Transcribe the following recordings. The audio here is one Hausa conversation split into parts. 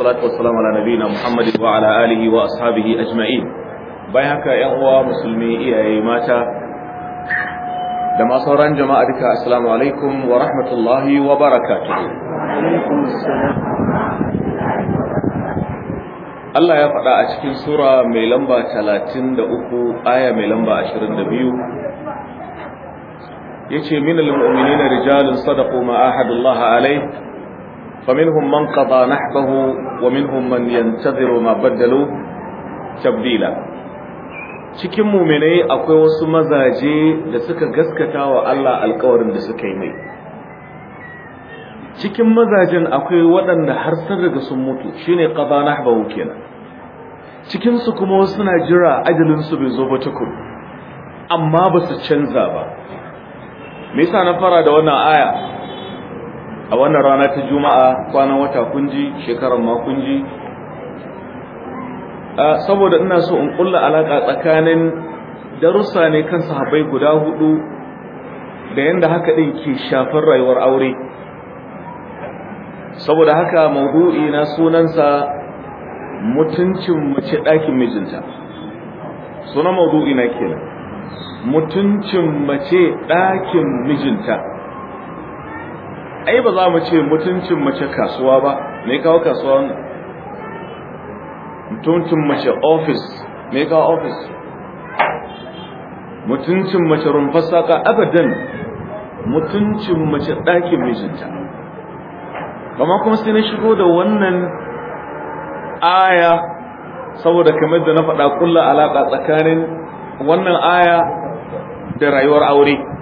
والصلاة والسلام على نبينا محمد وعلى آله وأصحابه أجمعين bayan haka ‘yan uwa musulmi iyaye mata da ma sauran jama'a duka assalamu alaikum wa rahmatullahi wa Allah ya faɗa a cikin sura mai lamba uku aya mai lamba 22 yace minal na rijalun sadaqu ma ahadullahi alai. فمنهم من قضى نحبه ومنهم من ينتظر ما بدلوا تبديلا cikin muminai akwai wasu mazaje da suka gaskata wa Allah alkawarin da suka yi mai cikin mazajen akwai waɗanda har sun riga sun mutu shine qada nahbahu kenan cikin su kuma wasu suna jira ajalin su bai zo ba tukun amma ba su canza ba me yasa na fara da wannan aya a wannan rana ta juma'a kwanan wata kunji shekarar ma kunji saboda ina so in kulla alaka tsakanin darussa ne kan sahabbai guda hudu da yanda haka din ke shafar rayuwar aure saboda haka maudu'i na sunansa mutuncin mace ɗakin mijinta sunan maudu'i na kenan mutuncin mace ɗakin mijinta ai ba za mu ce mutuncin mace kasuwa ba me kawo kasuwa ne mutuncin mace office me kawo office mutuncin mace rumfar saka abadan mutuncin mace ɗakin mijinta amma kuma sai na shigo da wannan aya saboda kamar da na faɗa kulla alaƙa tsakanin wannan aya da rayuwar aure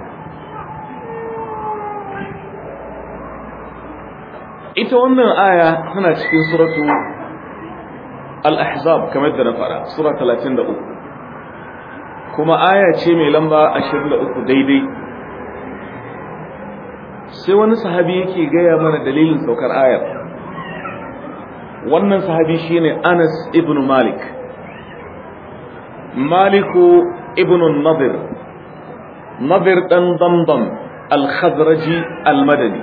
ita wannan aya tana cikin suratu al-ahzab kamar da na fara sura 33 kuma aya ce mai lamba 23 daidai sai wani sahabi yake gaya mana dalilin saukar ayar wannan sahabi shine Anas ibn Malik Maliku ibn Nadir Nadir dan Damdam al-Khazraji al-Madani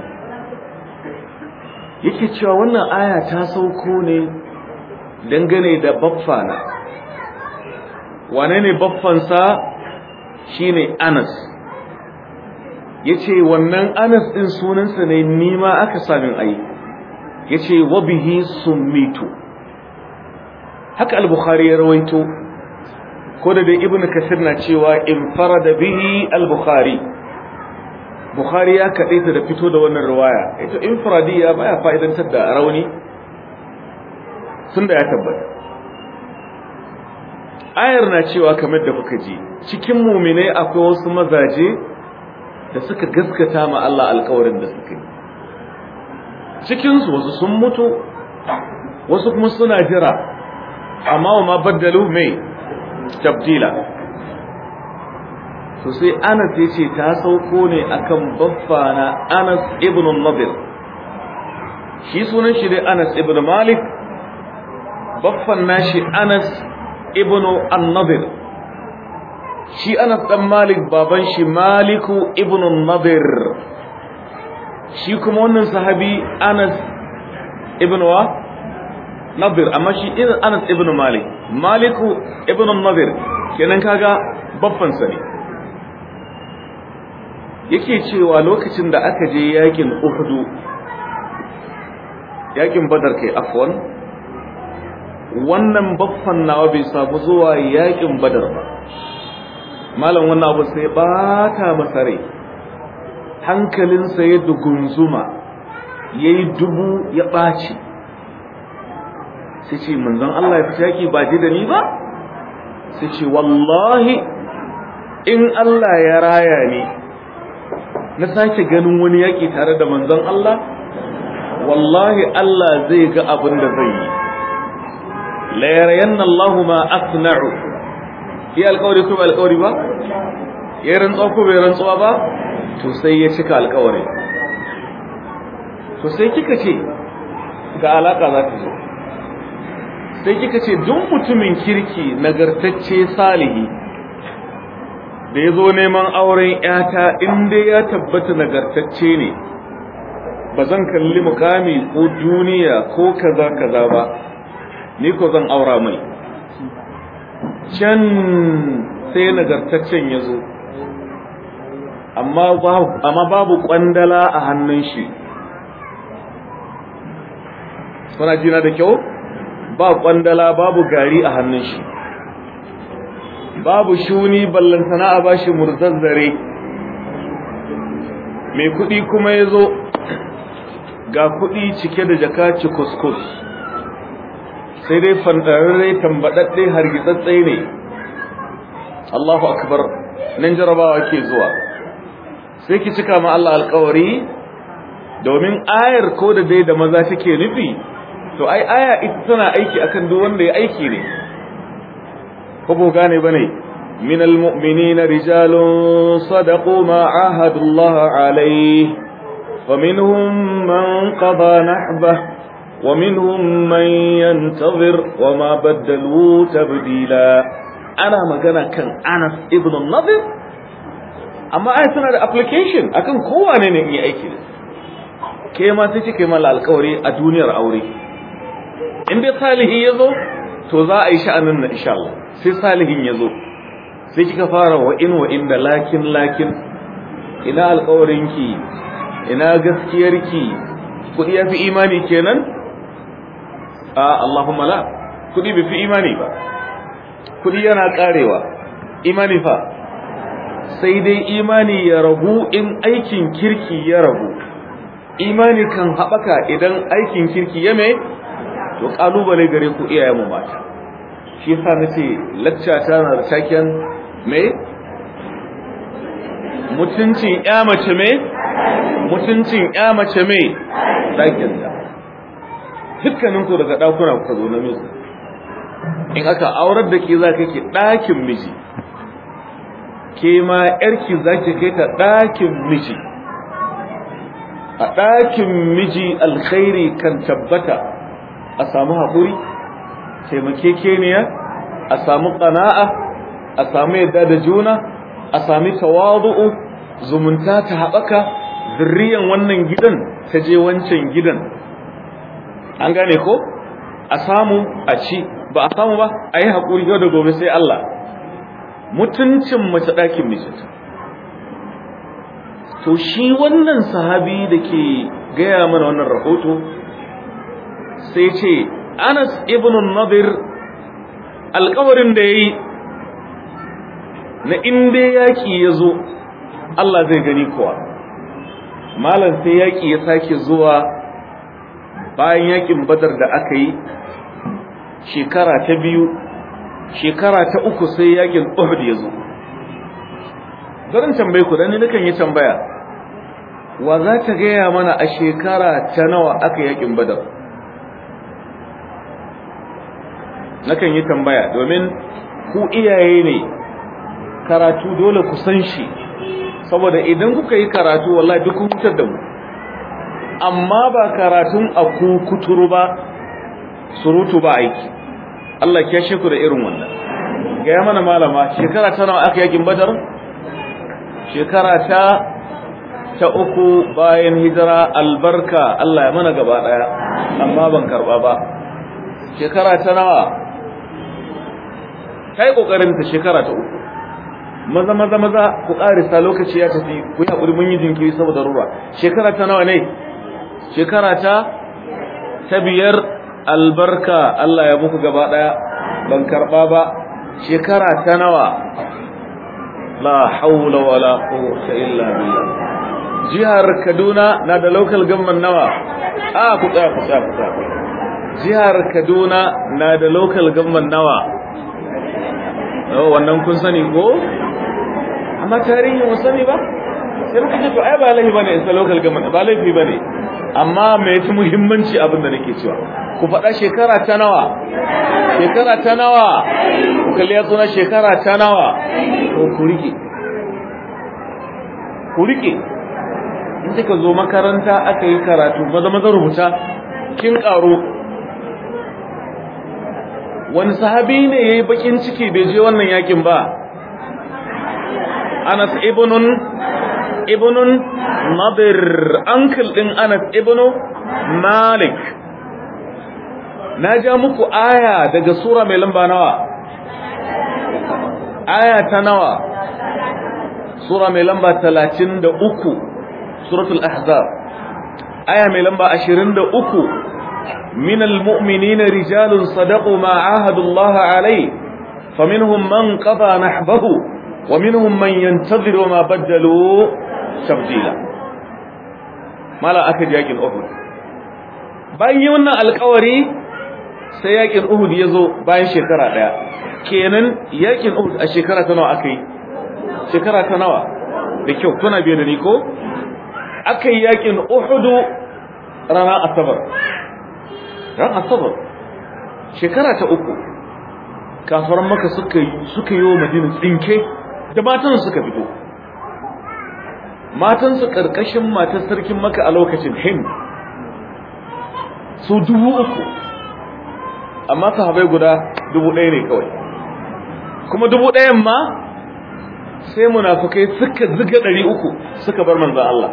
yake cewa wannan aya ta sauko ne dangane da baffana wane ne baffansa shine anas ya ce wannan anas ɗin sunansa ne nima aka sami ai ya ce sun summitu haka al ya rawaito ko da dai ibn kasir na cewa in fara da bihi al-bukhari bukhari ya kaɗe ta da fito da wannan riwaya ita infradiya baya fa'idantar da rauni tun ya tabbata ayar na cewa kamar da kuka ji cikin muminai akwai wasu mazaje da suka gaskata ma Allah alkawarin da suka yi cikinsu wasu sun mutu wasu kuma suna jira amma wa ma baddalu mai tabdila to sai anas ya ce ta sauko ne akan baffa na anas ibn nabil shi sunan shi dai anas ibn malik baffan nashi anas ibn an shi anas dan malik baban shi maliku ibn Nabir. shi kuma wannan sahabi anas ibn wa Nabir, amma shi anas ibn malik maliku ibn Nabir kenan kaga baffan sa ne yake cewa lokacin da aka je yakin uhudu yakin badar kai afwan wannan baffan nawa bai samu zuwa yakin badar ba malam wannan abu sai bata masare rai hankalinsa ya dugunzuma ya yi dubu ya ɓaci sai ce manzon Allah ya fita yaki ba ji da ni ba sai ce wallahi in Allah ya raya ni na sake ganin wani yaƙi tare da manzon Allah wallahi Allah zai ga abin da zai yi la yarayanna Allahu ma asna'u fi alqawli ko alƙawari ba ya rantsuwa ko bai rantsuwa ba to sai ya cika alƙawari to sai kika ce ga alaka za ta zo sai kika ce duk mutumin kirki nagartacce salihi da ya zo neman auren ‘yata inda ya tabbata nagartacce ne ba zan kalli mukami ko duniya ko kaza kaza ba ni ko zan aura mai can sai nagartaccen ya zo amma babu kwandala a hannun shi suna jina da kyau ba kwandala babu gari a hannun shi babu shuni ballan a bashi shi murzazzare mai kuɗi kuma ya zo ga kuɗi cike da jaka ci kuskus sai dai har tambaɗaɗɗe hargitsatse ne Allahu akbar nan jarabawa ke zuwa sai ki cika ma Allah alkawari domin ayar ko da dai da maza take nufi to ai aya ita tana aiki akan duk wanda ya aiki ne ko gane ba ne min almu'minina rijalun sadaqu ma ahadullah alayhi minhum man qada nahba wa minhum man yantazir wa ma badalu tabdila ana magana kan Anas ibn Nadir amma ai suna da application akan kowa ne ne yi aiki da ke ma sai kike mala alƙawari a duniyar aure in bi salihi yazo to za a yi sha'anin na insha Allah sai salihin ya zo sai kika fara wa in wa inda lakin lakin ina alƙawarinki ina gaskiyarki kuɗi ya fi imani kenan a Allahumma la kuɗi bai fi imani ba kuɗi yana ƙarewa imani fa sai dai imani ya ragu in aikin kirki ya ragu imani kan haɓaka idan aikin kirki ya mai to kalubale gare ku iyaye mu mata shi yasa nace lacca ta na da taken me mutuncin ya mace me mutuncin ya mace me taken da dukkanin ku daga dakuna ku zo na miji in aka aurar da ke za ka ke dakin miji ke ma yarki za ki kai ta dakin miji a dakin miji alkhairi kan tabbata a samu haƙuri taimakekeniya a samu ƙana'a a samu yadda da juna a sami tawadu'u zumunta ta haɓaka zirriyan wannan gidan ta je wancan gidan an gane ko a samu a ci ba a samu ba a yi haƙuri yau da gobe sai Allah mutuncin mace ɗakin mijinta to shi wannan sahabi da ke gaya mana wannan rahoto sai ce anas ibn nadir alkawarin da ya yi na inda yaƙi ya zo Allah zai gani kuwa malam sai yaƙi ya sake zuwa bayan yaƙin badar da aka yi shekara ta biyu shekara ta uku sai yaƙin uhud ya zo zarin tambaye ku dani nakan yi tambaya wa za ta gaya mana a shekara ta nawa aka yaƙin badar nakan yi tambaya domin ku iyaye ne karatu dole ku san shi saboda idan kuka yi karatu wallahi duk hutar da mu amma ba karatun a kuturu ba surutu ba aiki Allah ya sheku da irin wannan gaya mana malama shekara ta nawa aka yakin badar shekara ta ta uku bayan hijira albarka Allah ya mana gaba daya amma ban karba ba shekara ta nawa ta yi ƙoƙarin ta shekara ta uku maza maza maza ku karisa lokaci ya tafi ku ya kudi mun yi jinkiri saboda ruwa shekara ta nawa ne shekara ta ta biyar albarka Allah ya muku gaba ɗaya ban karɓa ba shekara ta nawa la haula wala quwwata illa billah jihar Kaduna na da local government nawa ah, a ku tsaya ku tsaya jihar Kaduna na da local government nawa Oh, wannan kun sani ko amma tarihin mun sani ba sai muka ce to ai ba laifi bane isa local government ba laifi bane amma me yake muhimmanci abin da nake cewa ku faɗa shekara ta nawa shekara ta nawa ku kalli ya shekara ta nawa ko ku rike ku rike in kika zo makaranta aka yi karatu maza maza rubuta kin karo wani sahabi ne ya yi bakin ciki bai je wannan yakin ba Anas ibnun ibnun Nadir uncle din Anas ibnu Malik na ja muku aya daga sura mai lamba nawa aya ta nawa sura mai lamba 33 suratul ahzab aya mai lamba uku. من المؤمنين رجال صدقوا ما عاهدوا الله عليه فمنهم من قضى نحبه ومنهم من ينتظر وما بدلوا تبديلا ما لا أكد يقين أهد bayan alkawari sai yakin Uhud zo bayan shekara daya kenan yakin Uhud a shekara ta nawa akai shekara ta nawa da kyau kuna biye da ko yakin Uhud ranar asabar ran asabar shekara ta uku kafaran maka suka suka yi wa madina tsinke da matan suka fito matan su karkashin matar sarkin maka a lokacin hin su dubu uku amma sahabai guda dubu ɗaya ne kawai kuma dubu ɗayan ma sai munafukai suka ziga ɗari uku suka bar manzan Allah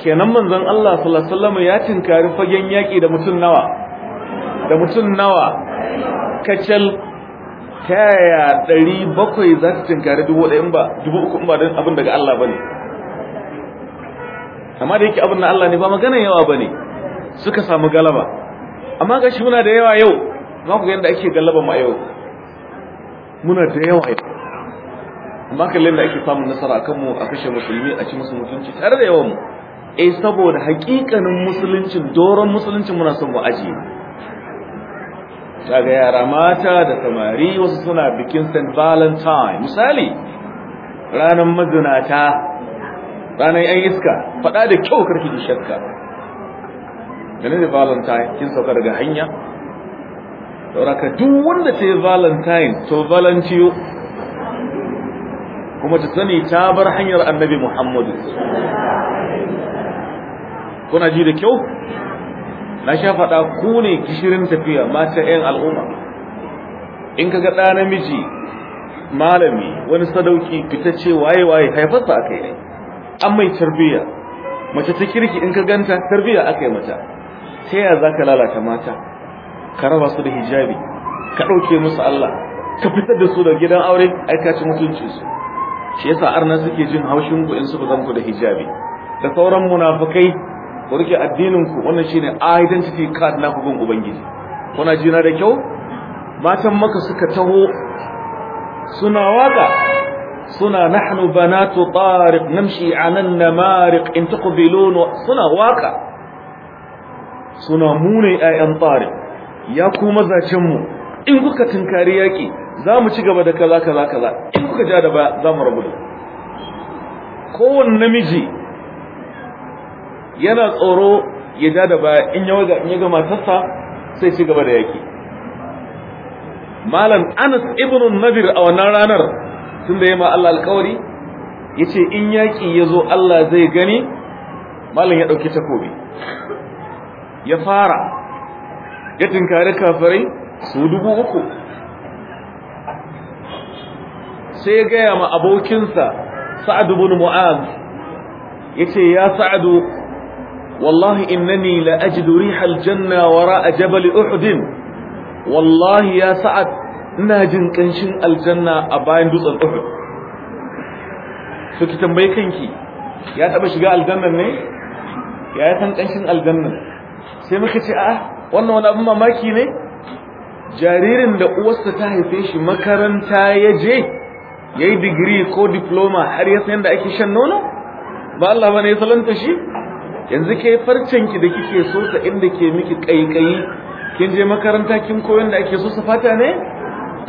kenan manzon Allah sallallahu alaihi wasallam ya tinkari fagen yaki da mutun nawa da mutun nawa kacal taya 700 za ta tinkari da in ba uku in ba dan abin daga Allah bane amma da yake abin na Allah ne ba magana yawa bane suka samu galaba amma gashi muna da yawa yau za ku ga ake galaba mu a yau muna da yawa yau amma kallon da ake samun nasara kanmu a kashe musulmi a ci musu mutunci tare da yawan mu eh saboda haƙiƙanin musuluncin doron musuluncin muna son mu aji kaga yara mata da samari wasu suna bikin St. Valentine misali ranar mazunata ranar yan iska faɗa da kyau karki da shakka ganin da Valentine kin sauka daga hanya sauraka duk wanda ta yi Valentine to Valentine kuma ta sani ta bar hanyar annabi Muhammadu kuna ji da kyau na sha faɗa ku ne gishirin tafiya mata 'yan al'umma in ka ga namiji malami wani sadauki fitacce waye waye haifarsa aka yi an mai tarbiyya mace ta kirki in ka ganta tarbiyya aka yi mata ta yaya za ka lalata mata ka raba su da hijabi ka ɗauke musu Allah ka fitar da su da gidan aure ai ka ci su shi yasa arna suke jin haushin ku in suka zanku da hijabi da sauran munafukai ku rike addinin ku wannan shine identity card na hukun ubangiji kuna jina da kyau matan maka suka taho suna waka suna nahnu banatu tariq namshi anan namariq in taqbilun suna waka suna mune ayyan tariq ya ku mazacin mu in kuka tinkari yaki zamu ci gaba da kaza kaza kaza in kuka ja da ba zamu rabu kowanne namiji yana tsoro ya ja da baya in ya ga tassa sai ci gaba da yaki malam anas ibn nadir a wannan ranar tun da ya ma Allah alkawari ya ce in yaƙi ya zo Allah zai gani malam ya ɗauki takobi ya fara ya tinkari kafirai su dubu uku sai ya gaya ma abokinsa sa'adu bin mu'az ya ce ya sa'adu wallahi innani la ajidu rihal janna wara jabal uhud wallahi ya sa'ad ina jin kanshin aljanna a bayan dutsen so ki tambaye kanki ya taba shiga aljanna ne ya yi san aljanna sai muka ce wannan wani abin mamaki ne jaririn da uwarsa ta haife shi makaranta ya je ya yi digiri ko diploma har ya san yadda ake shan nono ba Allah ba ne ya salanta shi yanzu ke farcen ki da kike so ta inda ke miki kaikayi kin je makaranta kin koyon da ake so sa fata ne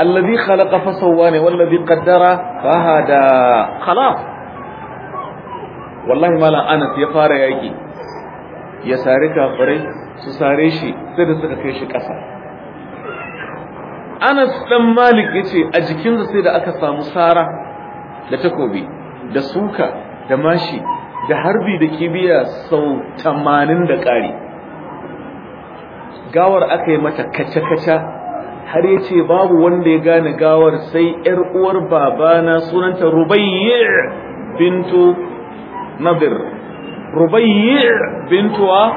alladhi khalaqa fa sawwa ne wallazi qaddara fa hada khalaq wallahi mala Anas ya fara yaki ya sare kafirai su sare shi sai da suka kai shi ƙasa Anas dan Malik yace a sa sai da aka samu sara da takobi da suka da mashi da harbi da kibiya sau tamanin da ƙari gawar aka yi mata kaca-kaca har ya ce babu wanda ya gane gawar sai ‘yar uwar babana sunanta rubayye bintu nadir bintu bintuwa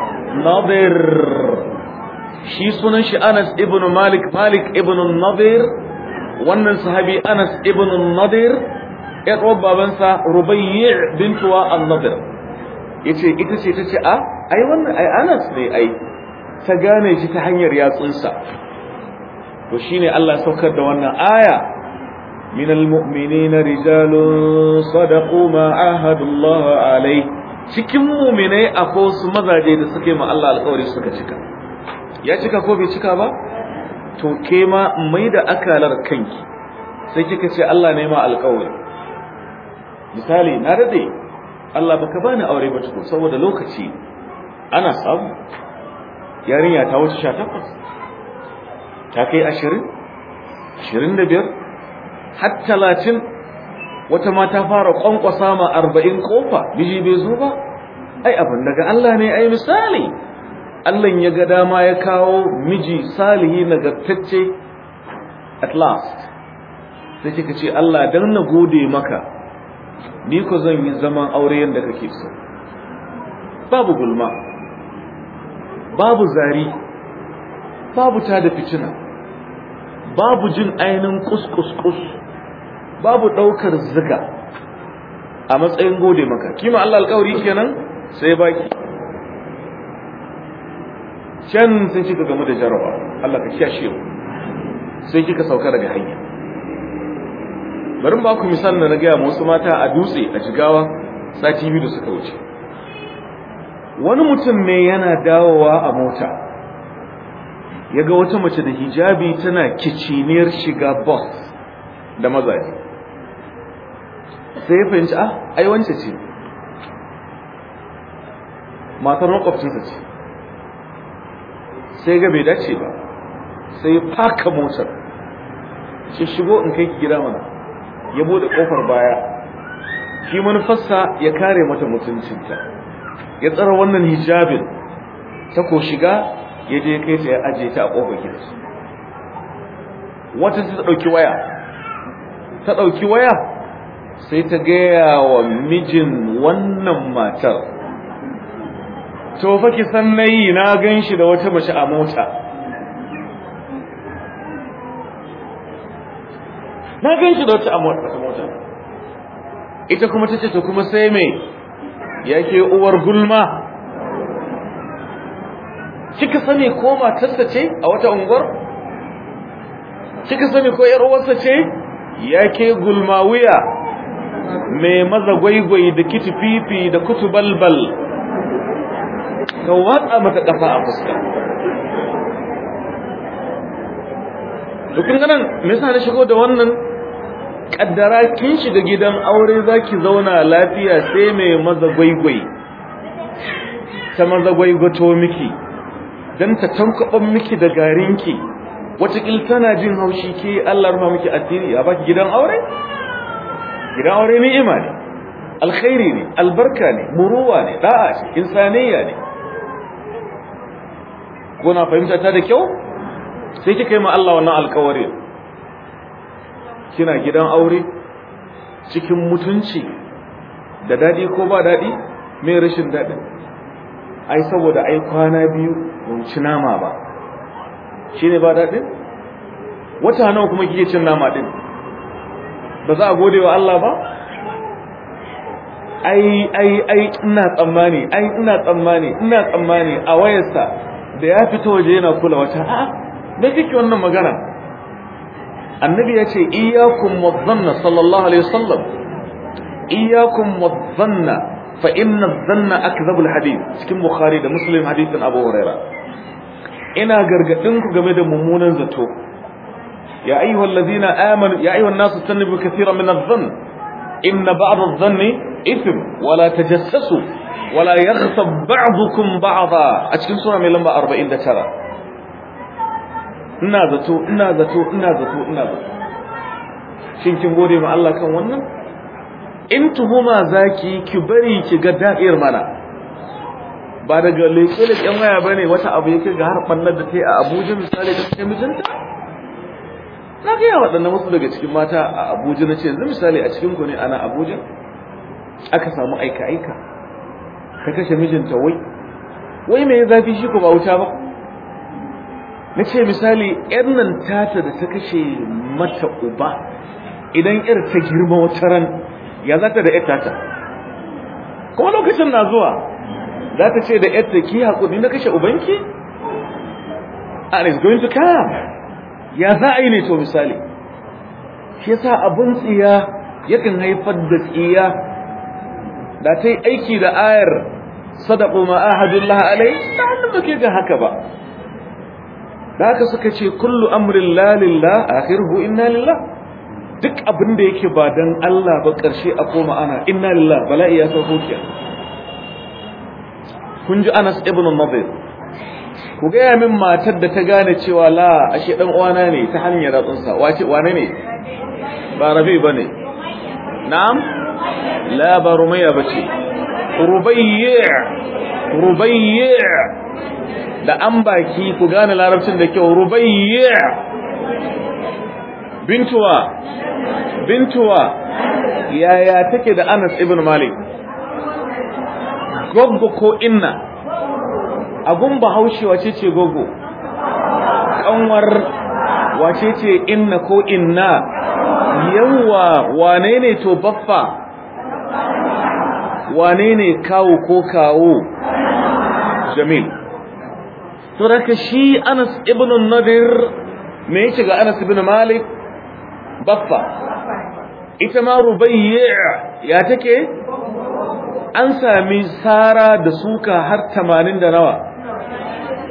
nadir shi sunan shi anas ibn malik malik ibn nadir wannan sahabi anas ibn nadir ya uwar babansa yi bintuwa an ya ce, ita ce ce a ah, ai wannan ai Anas ne ai ta gane shi ta hanyar yatsunsa to shi ne Allah saukar da wannan aya من المؤمنين رجال صدقوا ما عاهدوا الله alai cikin muminai akwai wasu mazaje da suke ma Allah alƙawari suka cika ya cika ko bai cika ba to ke ma mai da akalar kanki sai kika ce Allah ne ma alƙawari misali na dade Allah baka bani aure ba tukun saboda lokaci ana samu yarinya ta wuce 18 ta kai 20 25 har 30 wata ma ta fara kwankwasa ma 40 kofa biji bai zo ba ai abin daga Allah ne ai misali Allah ya ga dama ya kawo miji salihi nagartacce at last sai kika ce Allah dan na gode maka ni ko zan yi zaman aure yadda kake so babu gulma babu zari babu ta da fitina babu jin ainin kus-kus-kus babu ɗaukar ziga a matsayin gode maka kima Allah alƙawari kenan sai baki can sun ci ka da jarawa Allah ka kyashe sai kika sauka daga hanya bari ba ku misali na gaya wasu mata a dutse a jigawa sati biyu da suka wuce wani mutum ne yana dawowa a mota ya ga wata mace da hijabi tana kiciniyar shiga bus da mazaje sai ya fahimci a ah, ai wance ce matar makwabcinsa ce sai ga bai dace ba sai ya faka motar shi shigo in kai ki gida mana ya bude kofar baya shi manufarsa ya kare mata mutuncinta ya tsara wannan hijabin ta ko shiga ya je kai ta ya aje ta a kofar gidansu wata ta dauki waya ta dauki waya sai ta gaya wa mijin wannan matar to fa ki san yi na ganshi da wata mace a mota na gan shi da wata ta mota ita kuma ta ce to kuma sai me yake uwar gulma kika sani ko matarsa ce a wata unguwar kika sani ko yar uwarsa ce yake gulma wuya mai maza gwaigwai da kiti fifi da kutubalbal ka watsa mata kafa a fuska dukkan ganin me yasa na shigo da wannan kaddara kin shiga gidan aure zaki zauna lafiya sai mai maza gwaigwai ta maza gwaigwato miki dan ta tankaban miki da garinki watakil tana jin haushi ke Allah rufa miki asiri a baki gidan aure gidan aure ni'ima ne alkhairi ne albarka ne muruwa ne da'a ce insaniya ne kuna fahimta ta da kyau sai kika yi ma Allah wannan alƙawarin kina gidan aure cikin mutunci da daɗi ko ba daɗi mai rashin daɗi ai saboda ai kwana biyu mun ci nama ba shi ne ba daɗin wata nawa kuma kike cin nama ɗin ba za a gode wa Allah ba ai ai ai ina tsammani ai ina tsammani ina tsammani a wayarsa da ya fito waje yana kula wata a'a me kike wannan magana annabi ya ce iyakun wadzanna sallallahu alaihi wasallam iyakun wadzanna fa inna dhanna akdhabul hadith cikin bukhari da muslim hadithin abu huraira ina gargadin ku game da mummunan zato ya ayyuhal ladina amanu ya ayyuhan nasu tanibu kathiran min adh-dhann inna ba'd adh-dhanni ithm wa la tajassasu wa la yaghtab ba'dukum ba'dha a cikin sura mai lamba 49 ina zato ina zato ina zato ina zato shin kin gode ma Allah kan wannan in tuhuma zaki ki bari ki ga da'ir mana ba da ga lekele kan waya bane wata abu yake ga har ballar da tai a Abuja misali da kai mijinta na ga waɗannan wasu daga cikin mata a Abuja nace yanzu misali a cikin ku ne ana Abuja aka samu aika aika ka kashe mijinta wai wai me zafi shi ko ba wuta ba na ce misali yan nan tata da ta kashe mata uba idan yar ta girma wata ran ya za ta da yar tata kuma lokacin na zuwa za ta ce da yar ta ki haƙuri na kashe ubanki and it's going to come ya za a yi ne to misali shi sa abin tsiya yakan haifar da tsiya da ta yi aiki da ayar sadaku ma'ahadullah alai ta hannun da ke ga haka ba da haka suka ce kullu amrin la lillah akhiruhu inna lillah duk abin da yake ba don Allah ba karshe a koma ana inna lillah bala'i ya sauko kiya kun ji Anas ibn Nadir ku gaya min matar da ta gane cewa la ashe dan uwana ne ta hanyar ratsunsa wace wane ne ba rabi ba ne na'am la ba rumayya bace rubayyi rubayyi da an baki ku gane larabcin da kyau rubayya bintuwa bintuwa yaya take da Anas ibn Malik gogo ko inna abun bahaushe wace ce gogo kanwar wace ce inna ko inna yawa wane ne to baffa wane ne kawo ko kawo jamil saboda shi Anas ibn Nadir me yace ga Anas ibn Malik baffa ita ma rubayya ya take an sami sara da suka har 80 da nawa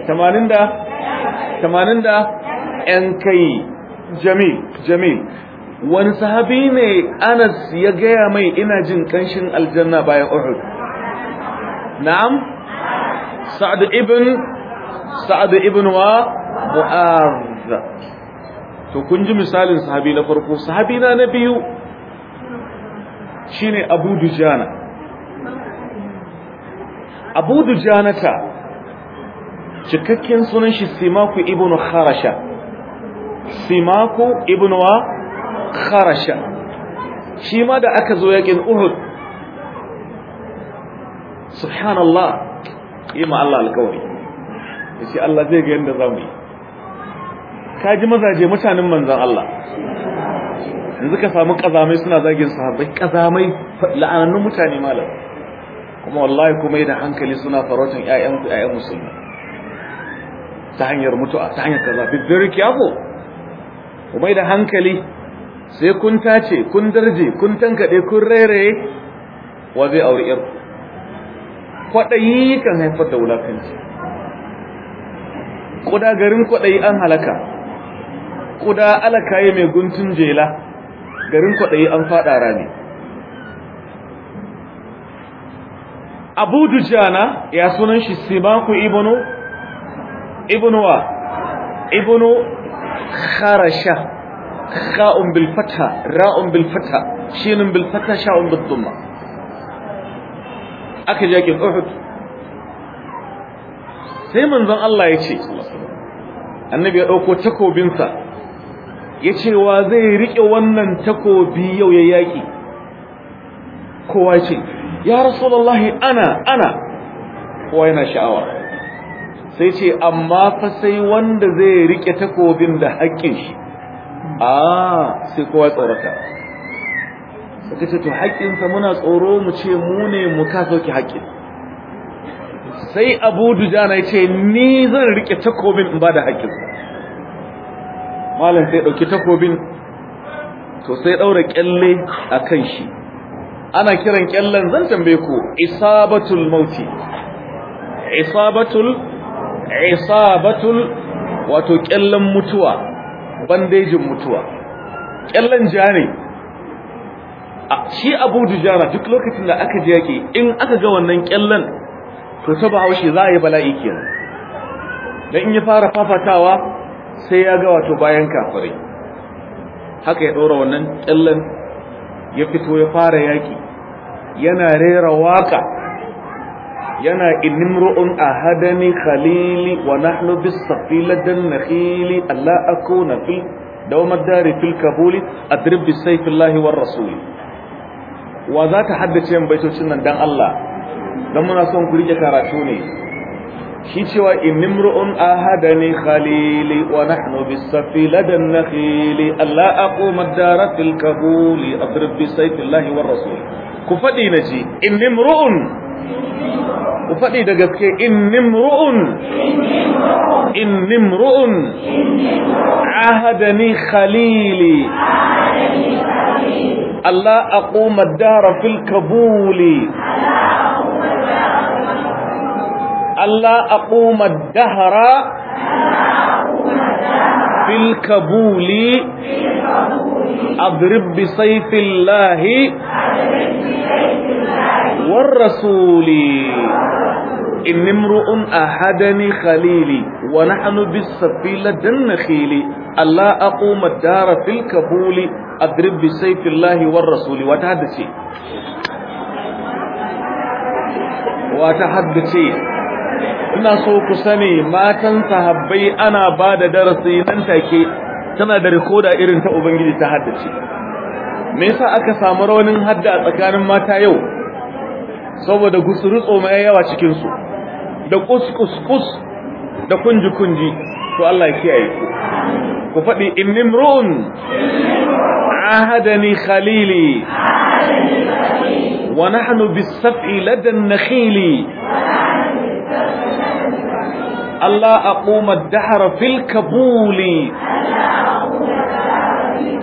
80 da 80 da yan kai jamil jamil wani sahabi ne Anas ya gaya mai ina jin kanshin aljanna bayan Uhud na'am Sa'ad ibn sa'ad ibn wa mu'az to kun ji misalin sahabi na farko sahabi na na biyu shine abu dujana abu dujanata cikakken sunan shi simaku ibn kharasha simaku ibn wa kharasha shi ma da aka zo yakin uhud subhanallah yi ma Allah alkawari da shi Allah zai ga yadda za mu yi ka ji mazaje mutanen manzan Allah yanzu ka samu kazamai suna zagin sahabbai kazamai la'anannun mutane malam kuma wallahi kuma da hankali suna farautan ƴaƴan ku ƴaƴan musulmi ta hanyar mutuwa, ta hanyar kaza be very careful kuma da hankali sai kun tace kun darje kun tankade kun rere wa zai aure irku kwaɗayi kan haifar da wulakanci kuda garin kwaɗayi an halaka kuda yi mai guntun jela garin kwaɗayi an faɗa rami abu dujana ya sunan shi simaku ibnu ibnu wa ibnu kharasha kha'un bilfata, ra'un bilfata, shi shinun sha'un bid dumma aka je yakin uhud sai manzon Allah ya ce annabi ya dauko takobinsa ya ce wa zai rike wannan takobi yau ya yaki kowa ya ce ya rasulullahi ana ana kowa yana sha'awa sai ce amma fa sai wanda zai rike takobin da haƙƙin shi a sai kowa tsorata suka ce to haƙƙinsa muna tsoro mu ce mu ne mu ka ki haƙƙin sai abu dujana ya ce ni zan rike takobin in ba da haƙƙin malam sai ɗauki takobin to sai ɗaura ƙyalle a kan shi ana kiran ƙyallen zan tambaye ku isabatul mauti isabatul isabatul wato ƙyallen mutuwa bandejin mutuwa ƙyallen ja ne shi abu dujana duk lokacin da aka je yaƙi in aka ga wannan ƙyallen to bahaushe za a yi bala'i kenan dan in ya fara fafatawa sai ya ga wato bayan kafirai haka ya ɗora wannan ƙyallen ya fito ya fara yaki. yana rera waka. yana inimru'un ahadani khalili wa nahnu bis safiladan nakhili alla akuna fi dawmad dari fil kabuli adrib bis sayfillahi war rasuli wa za ta haddace yan baitocin nan dan Allah don muna son ku rike karatu ne shi cewa in nimru'un ahadani khalili wa nahnu bis safi ladan nakhili alla aquma dara fil kabuli adrib bi sayfi llahi war rasul ku fadi naji in nimru'un ku fadi da gaske in nimru'un in nimru'un ahadani khalili Allah aquma dara fil kabuli ألا أقوم الدهر في الكبول أضرب بسيف الله والرسول إن امرؤ أحدني خليلي ونحن بالسفيلة النخيل ألا أقوم الدار في الكبول أضرب بسيف الله والرسول وتحدثي وتحدثي ina so ku sani matan sahabbai ana ba da darasi nan take tana da rikoda irin ta ubangiji ta haddace me yasa aka samu raunin hadda a tsakanin mata yau saboda gusuru tsoma yawa cikin su da kuskus kus da kunji kunji to Allah ya kiyaye ku ku faɗi innimrun ahadani khalili ونحن بالسفع لدى النخيل ألا أقوم الدهر في الكبول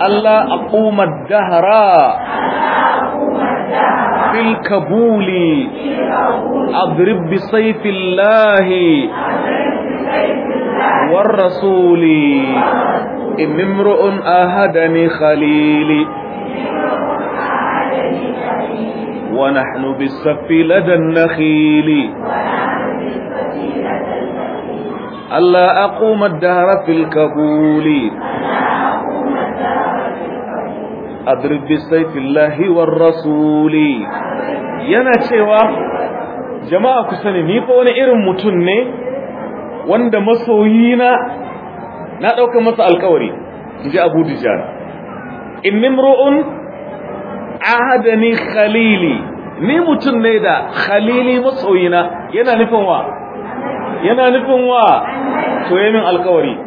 ألا أقوم الدهر في الكبول أضرب بسيف الله والرسول إن امرؤ آهدني خليلي ونحن بالسف لدى النخيل ألا أقوم الدهر في الكبول أضرب بالسيف الله والرسول yana cewa jama'a ku sani ni fa wani irin mutum ne wanda masoyina na ɗauka masa alkawari inji Abu Dijan innimru'un ahadani khalili ni mutum ne da khalili masoyina yana nufin wa yana nufin wa soyayyen min alƙawari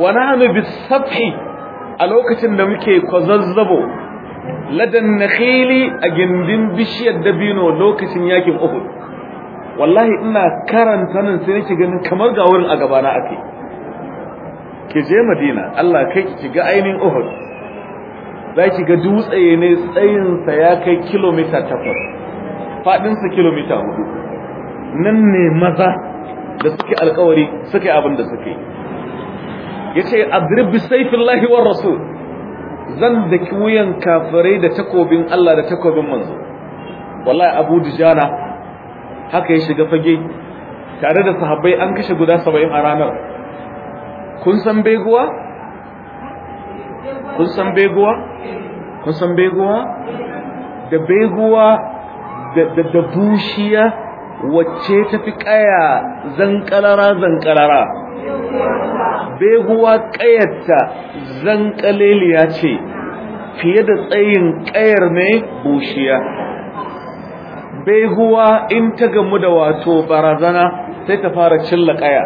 Wana nahnu bisabhi a lokacin da muke kwazazzabo ladan nakhili a gindin bishiyar dabino lokacin yakin Uhud wallahi ina karanta nan sai nake ganin kamar ga wurin a gaba na ake Ke je Madina Allah kai ki ga ainin Uhud ki ga dutse ne tsayin sa ya kai kilomita 8 fadin sa kilomita 4 nan ne maza da suke alkawari suke abin da suke ce adrib bi sayfillahi war rasul zan daki wuyan kafirai da takobin Allah da takobin manzo wallahi Abu Dujana haka ya shiga fage tare da sahabbai an kashe guda 70 a ranar kun san beguwa kun san beguwa kun san beguwa da beguwa da da bushiya wacce tafi kaya zanƙalara-zanƙalara? beguwa kayarta zankaleliya ce fiye da tsayin ƙayar mai bushiya beguwa in ta gamu da wato barazana sai ta fara cilla kaya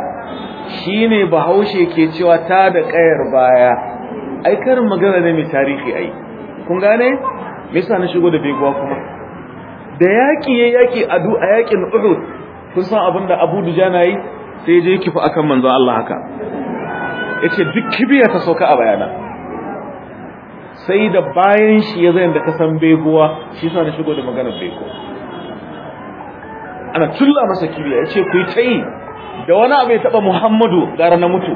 shine bahaushe ke cewa ta da ƙayar baya ai karin magana ne mai tarihi ai kun gane me sa na shigo da beguwa kuma da yaki ya yaki a yaƙin uhud kun san abin da abu dujana yi sai je kifa akan manzon Allah haka yace duk kibiya ta sauka a bayana sai da bayan shi ya zai da ka san beguwa shi sa da shigo da maganar bego ana tulla masa kibiya yace ku yi da wani abu ya taba Muhammadu gara na mutu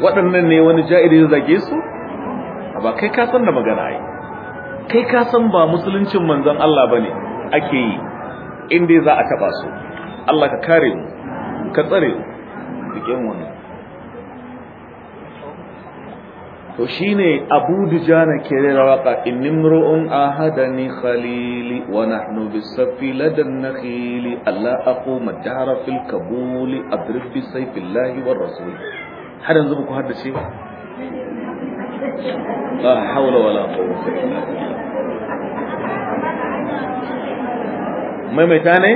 waɗannan ne wani ja'iri ya zage su ba kai ka san da magana yi. kai ka san ba musuluncin manzon Allah bane ake yi in dai za a taba su Allah ka kare mu ka tsare mu cikin wannan to shine Abu Dujana ke rera waka in nimru'un ahadani khalili wa nahnu bisafi ladan nakhili Allah aquma dara fil kabuli adrib bi sayfillahi war rasul har yanzu ba ku haddace ba la hawla wala quwwata illa billah maimaita ne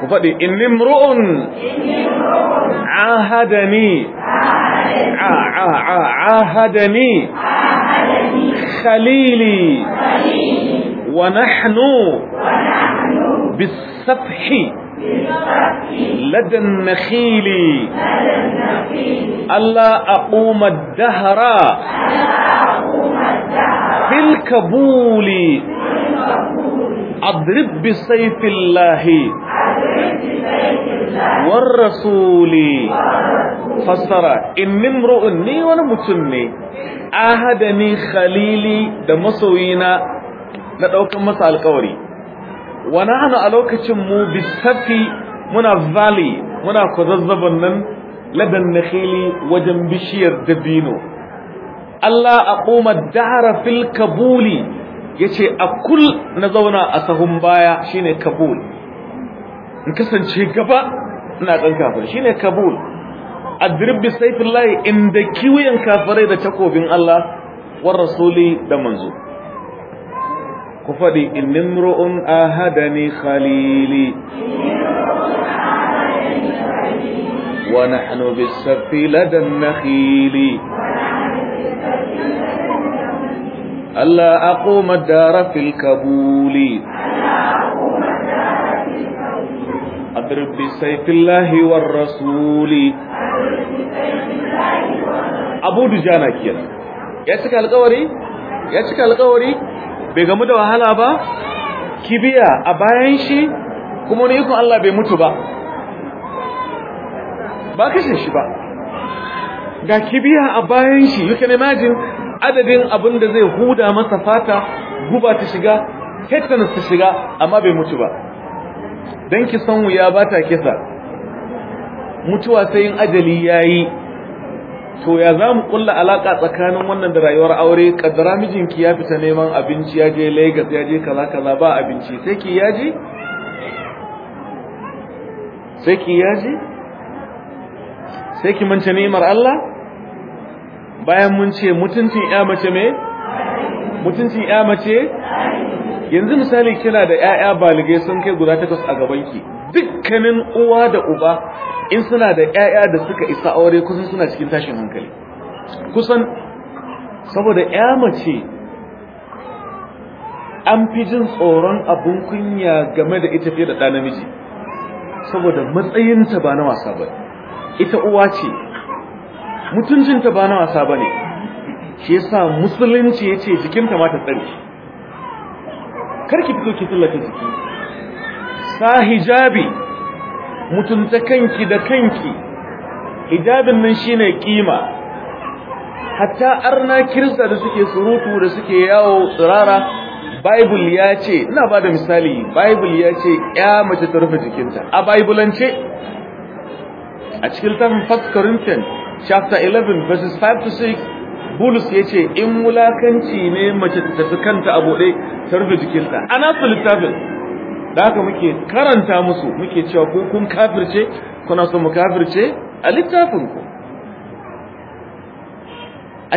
ku faɗi inni mru'un ahadani ahadani khalili wa nahnu bisafhi لدى النخيل ألا أقوم الدهر في الكبول adrib bi sayfillahi war rasuli fassara innin ru'un ni wani mutum ne ahadani khalili da masoyina na daukan masa alƙawari wani hana a lokacin mu bisafi muna valley muna kwazazzaban nan ladan hili wajen bishiyar dabino Allah a koma dahara fil kabuli yace akul na zauna a sahun baya shine kabul in kasance gaba ina dan kafir shine kabul adrib bi sayfillahi inda kiwayen kafirai da takobin Allah war rasuli da manzo ku fadi innimru'un ahadani khalili ونحن بالسف لدى النخيل ألا أقوم الدار في الكبول أضرب بسيف الله والرسول أبو دجانا كينا يا cika alƙawari ya cika alƙawari bai gamu da wahala ba kibiya a bayan shi kuma ne ikon Allah bai mutu ba ba kashe shi ba ga kibiya a bayan shi you can imagine adadin abin da zai huda masa fata guba ta shiga tetanus ta shiga amma bai mutu ba dan san wuya ba ta kisa mutuwa sai in ajali yayi to ya za mu kulla alaka tsakanin wannan da rayuwar aure kadara mijinki ya fita neman abinci ya je Lagos ya je kaza kaza ba abinci sai ki yaji sai ki yaji sai ki mance neman Allah bayan mun ce mutuncin ya mace mai? mutuncin ya mace yanzu misali kina da yaya baligai sun kai guda takwas a gabanki dukkanin uwa da uba in suna da 'ya'ya da suka isa aure kusan suna cikin tashin hankali kusan saboda ‘ya mace an fi jin tsoron abin kunya game da ita fiye da ɗa namiji saboda matsayinta ba na wasa ba ita uwa ce mutuncinta ba na wasa ba ne. shi yasa musulunci ya ce jikinta ma ta karki fito ki tsallaka jiki sa hijabi mutunta kanki da kanki hijabin nan shine kima hatta arna kirsa da suke surutu da suke yawo tsirara bible ya ce ina bada misali bible ya ce ya mace ta rufe jikinta a bibilance a cikin littafin First Corinthians chapter 11 verses 5 to 6 Bulus ya ce in mulakanci ne mace ta tafi kanta a buɗe ta rufe jikinta ana su littafin da haka muke karanta musu muke cewa ko kun kafirce kuna so mu kafirce a littafin ku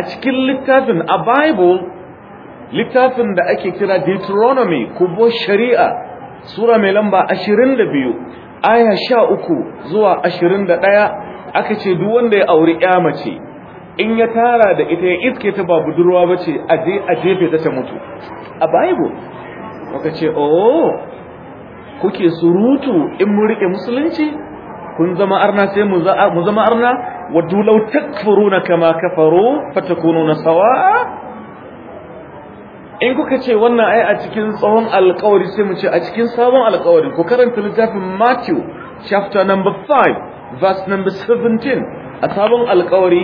a cikin littafin a bible littafin da ake kira deuteronomy kubo shari'a sura mai lamba 22 aya 13 zuwa 21 aka ce duk wanda ya auri ya mace in ya tara da ita ya iske ta ba budurwa ba ce a jefe ta ta mutu a baibu? muka ce oh kuke surutu in murike musulunci kun zama arna sai mu zama arna waddu takfuru na kama kafaru na sawa? in kuka ce wannan ai a cikin tsohon alkawari sai mu ce a cikin sabon alkawari ku karanta littafin Matthew chapter number 5 verse number 17 a sabon alkawari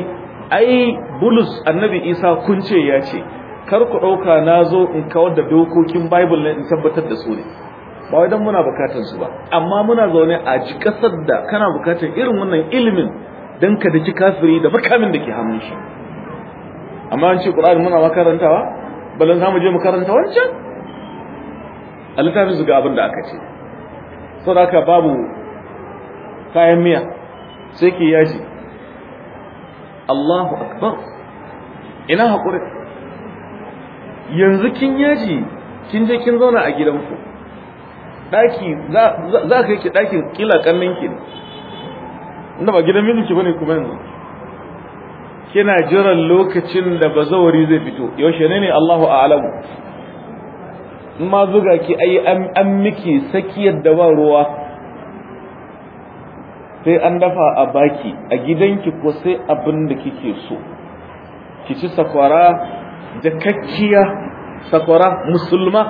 ai bulus annabi isa kunce ya ce kar ku ɗauka na zo in kawar da dokokin bible ne in tabbatar da su ne ba wai don muna bukatun su ba amma muna zaune a ji kasar da kana bukatar irin wannan ilimin don ka daki kafiri da makamin da ke hannun shi amma an ce qur'ani muna makarantawa balan za mu je makaranta wancan Allah ta su ga abin da aka ce saboda haka babu kayan miya sai ke yaji Allahu akbar ina haƙuri yanzu kin yaji kin je kin zauna a gidanku daki za ka yi dakin kila kannin ki inda ba gidan mijinki bane kuma yanzu kina jiran lokacin da bazawari zai fito yaushe ne ne Allahu a'lamu in ma zuga ki ai an miki sakiyar da ba ruwa sai an dafa a baki a gidanki ko sai abin da kike so ki ci sakwara kakkiya sakwara musulma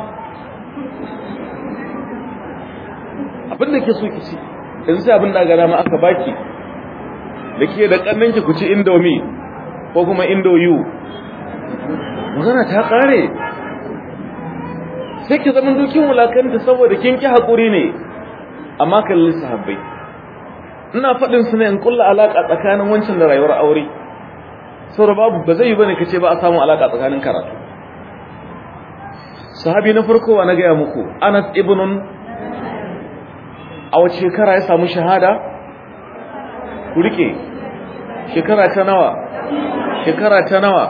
abin da ke so ki ci in sai abin da ga dama aka baki da ke da kannanki ku ci indomi ko kuma indoyu magana ta kare sai ki zama dukin wulakanta saboda kin ki haƙuri ne amma kallon sahabbai ina faɗin su ne in kulla alaƙa tsakanin wancan da rayuwar aure saboda babu ba zai yi bane kace ba a samu alaƙa tsakanin karatu sahabi na farko wa na gaya muku Anas Ibnun, a wace shekara ya samu shahada ku rike shekara ta nawa shekara ta nawa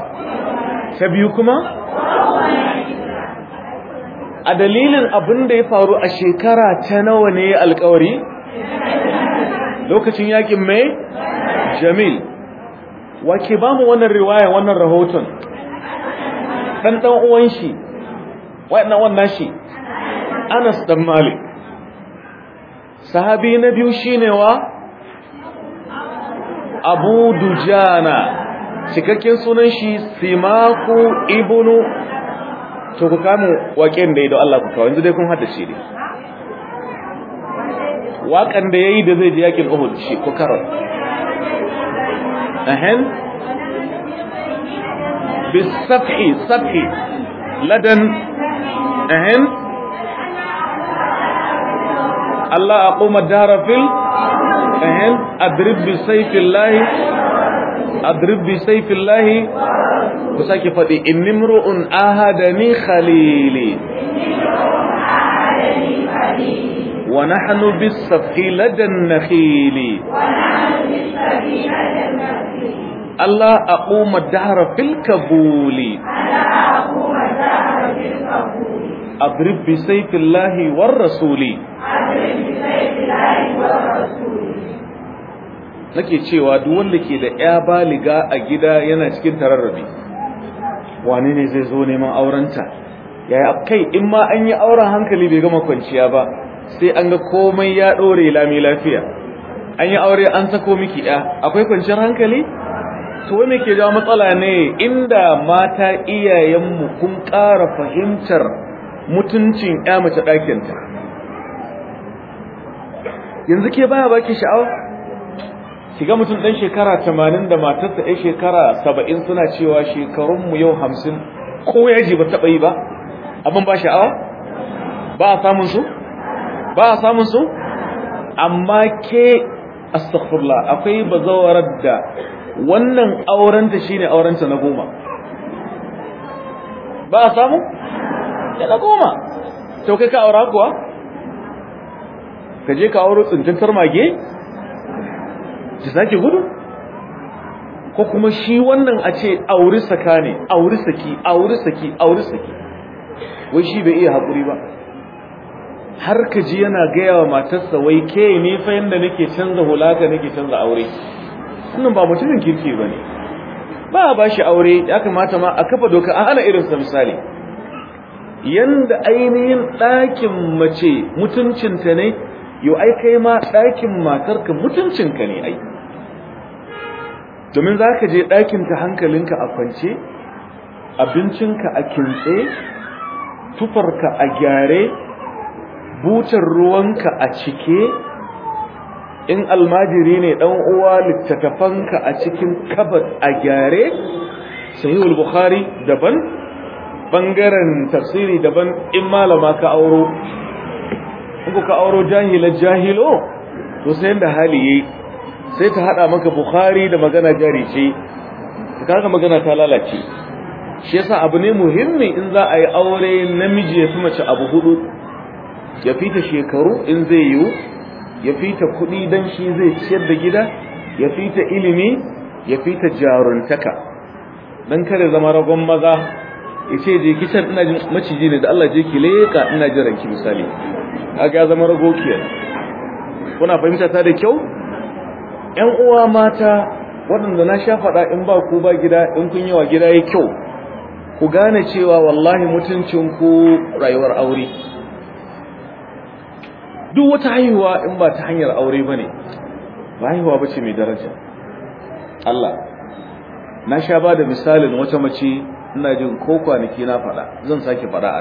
ta biyu kuma a dalilin abin da ya faru a shekara ta nawa ne alƙawari lokacin yakin mai jamil wake ba mu wannan riwaya wannan rahoton dan dan uwan shi wannan wannan shi Anas dan Malik sahabi na biyu shine wa Abu Dujana cikakken sunan shi Simaku ibnu to ku kamo waken da Allah ku kawo yanzu dai kun haddace dai waƙan da ya yi da zai ji yakin uhud shi ko karar ahen bisafi safi ladan ahen Allah a kuma Fil. ahen adrib bi saifin lahi adrib bi saifin lahi ku sake faɗi in nimru'un ahadani khalili ونحن بالسفخ لدى النخيل الله أقوم الدهر في الكبول أضرب بسيف الله والرسول nake cewa duk wanda ke da ya baliga a gida yana cikin tararrabi wane ne zai zo neman aurenta yaya kai in ma an yi auren hankali bai gama kwanciya ba sai an ga komai ya ɗore lami lafiya an yi aure an sako miki ya akwai kwanciyar hankali to Wani ke jawo matsala ne inda mata iyayenmu kun ƙara fahimtar mutuncin ya mace ɗakinta yanzu ke baya baki sha'awa shiga mutum ɗan shekara tamanin da matarsa ya shekara saba'in suna cewa shekarunmu yau hamsin ko yaji ba taɓa yi ba abin ba sha'awa ba a samun su ba a samun su amma ke astaghfirullah akwai bazawarar da wannan aurenta shine aurenta na goma ba a samu ya na goma to kai ka aura kuwa ka je ka auro tsintantar mage ji sake gudu ko kuma shi wannan a ce auri saka ne auri saki auri saki auri saki wai shi bai iya haƙuri ba har ka ji yana gaya wa matarsa wai ke ne fa yanda nake canza hulaka nake canza aure wannan ba mutumin kirki ba ne ba ba shi aure ya kamata ma a kafa doka a hana irinsa misali yanda ainihin ɗakin mace mutuncinta ne yau ai kai ma ɗakin matarka mutuncinka ne ai domin za ka je ɗakinta hankalinka a kwance abincinka a kintse tufarka a gyare butar ruwanka a cike in almajiri ne dan uwa littattafanka a cikin kabad a gyare sahihul bukhari daban bangaren tafsiri daban in malama ka auro in ka auro jahila jahilo to sai da hali yayi sai ta haɗa maka bukhari da magana jari ce kaga magana ta lalace shi yasa abu ne muhimmi in za a yi aure namiji ya fi mace abu hudu ya fita shekaru in zai yiwu ya fita kuɗi don shi zai ciyar da gida ya fita ilimi ya fita jaruntaka don kare zama ragon maza ya ce je kicin ina jin maciji ne da Allah je ki leƙa ina jiran ki misali kaga ya zama rago kiyar kuna fahimta ta da kyau ƴan uwa mata waɗanda na sha faɗa in ba ku ba gida in kun yawa gida ya kyau ku gane cewa wallahi mutuncinku rayuwar aure duk wata haihuwa in ba ta hanyar aure ba ne ba haihuwa ba ce mai daraja Allah na sha ba da misalin wata mace ina jin ko kwanaki na faɗa zan sake faɗa a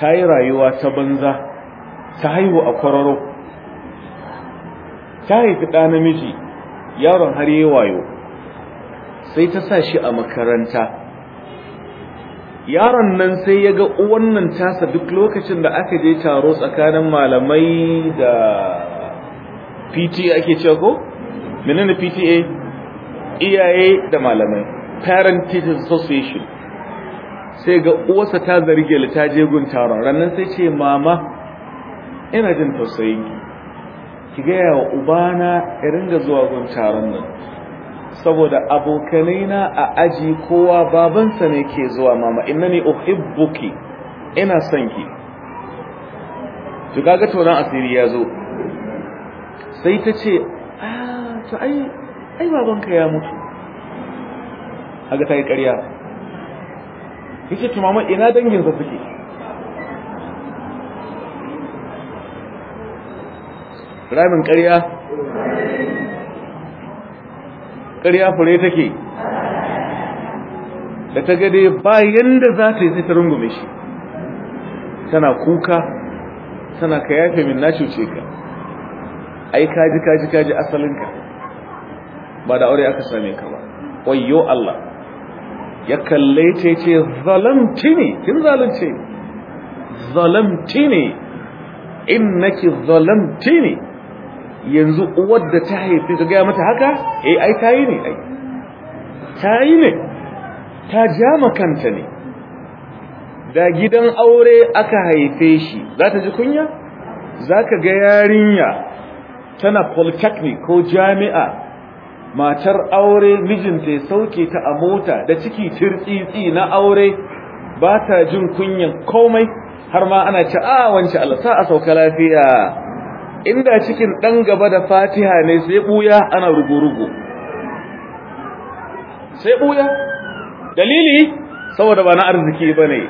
ta yi rayuwa ta banza ta haihu a kwararo ta haifi ɗa namiji yaron har yi wayo sai ta sa shi a makaranta yaron nan sai ya ga wannan tasa duk lokacin da aka je taro tsakanin malamai da PTA ake cewa ko menene PTA iyaye da malamai parent teacher association sai ga uwarsa ta zarge ta je gun taron ranan sai ce mama ina jin tausayin ki ga gaya wa na ya ringa zuwa gun taron nan saboda abokanaina a aji kowa babansa ne ke zuwa mama innani uhibbuki ina son ki to kaga tauran asiri ya zo sai ta ce a ah, to ai ai babanka ya mutu kaga ta yi ƙarya yace to mama ina danginsa suke ramin ƙarya ƙarya fure take da ta gade bayan da za ta yi sai ta rungume shi tana kuka tana ka yafe min na cuce ka ai kaji kaji kaji asalinka ba da aure aka same ka ba wayo Allah ya kalle ce ce zalamti ne kin zalunce zalamti ne innaki zalunci ne yanzu uwar da ta haifi ka gaya mata haka eh ai ta yi ne ai ta yi ne ta ja makanta ne da gidan aure aka haife shi za ta ji kunya za ka ga yarinya tana polytechnic ko jami'a matar aure mijinta ya sauke ta a mota da ciki tirtsitsi na aure ba ta jin kunyan komai har ma ana ce a ah, wance Allah sa a sauka lafiya inda cikin ɗan gaba da fatiha ne sai ɓuya ana rugurugo sai ɓuya dalili saboda ba na arziki ba ne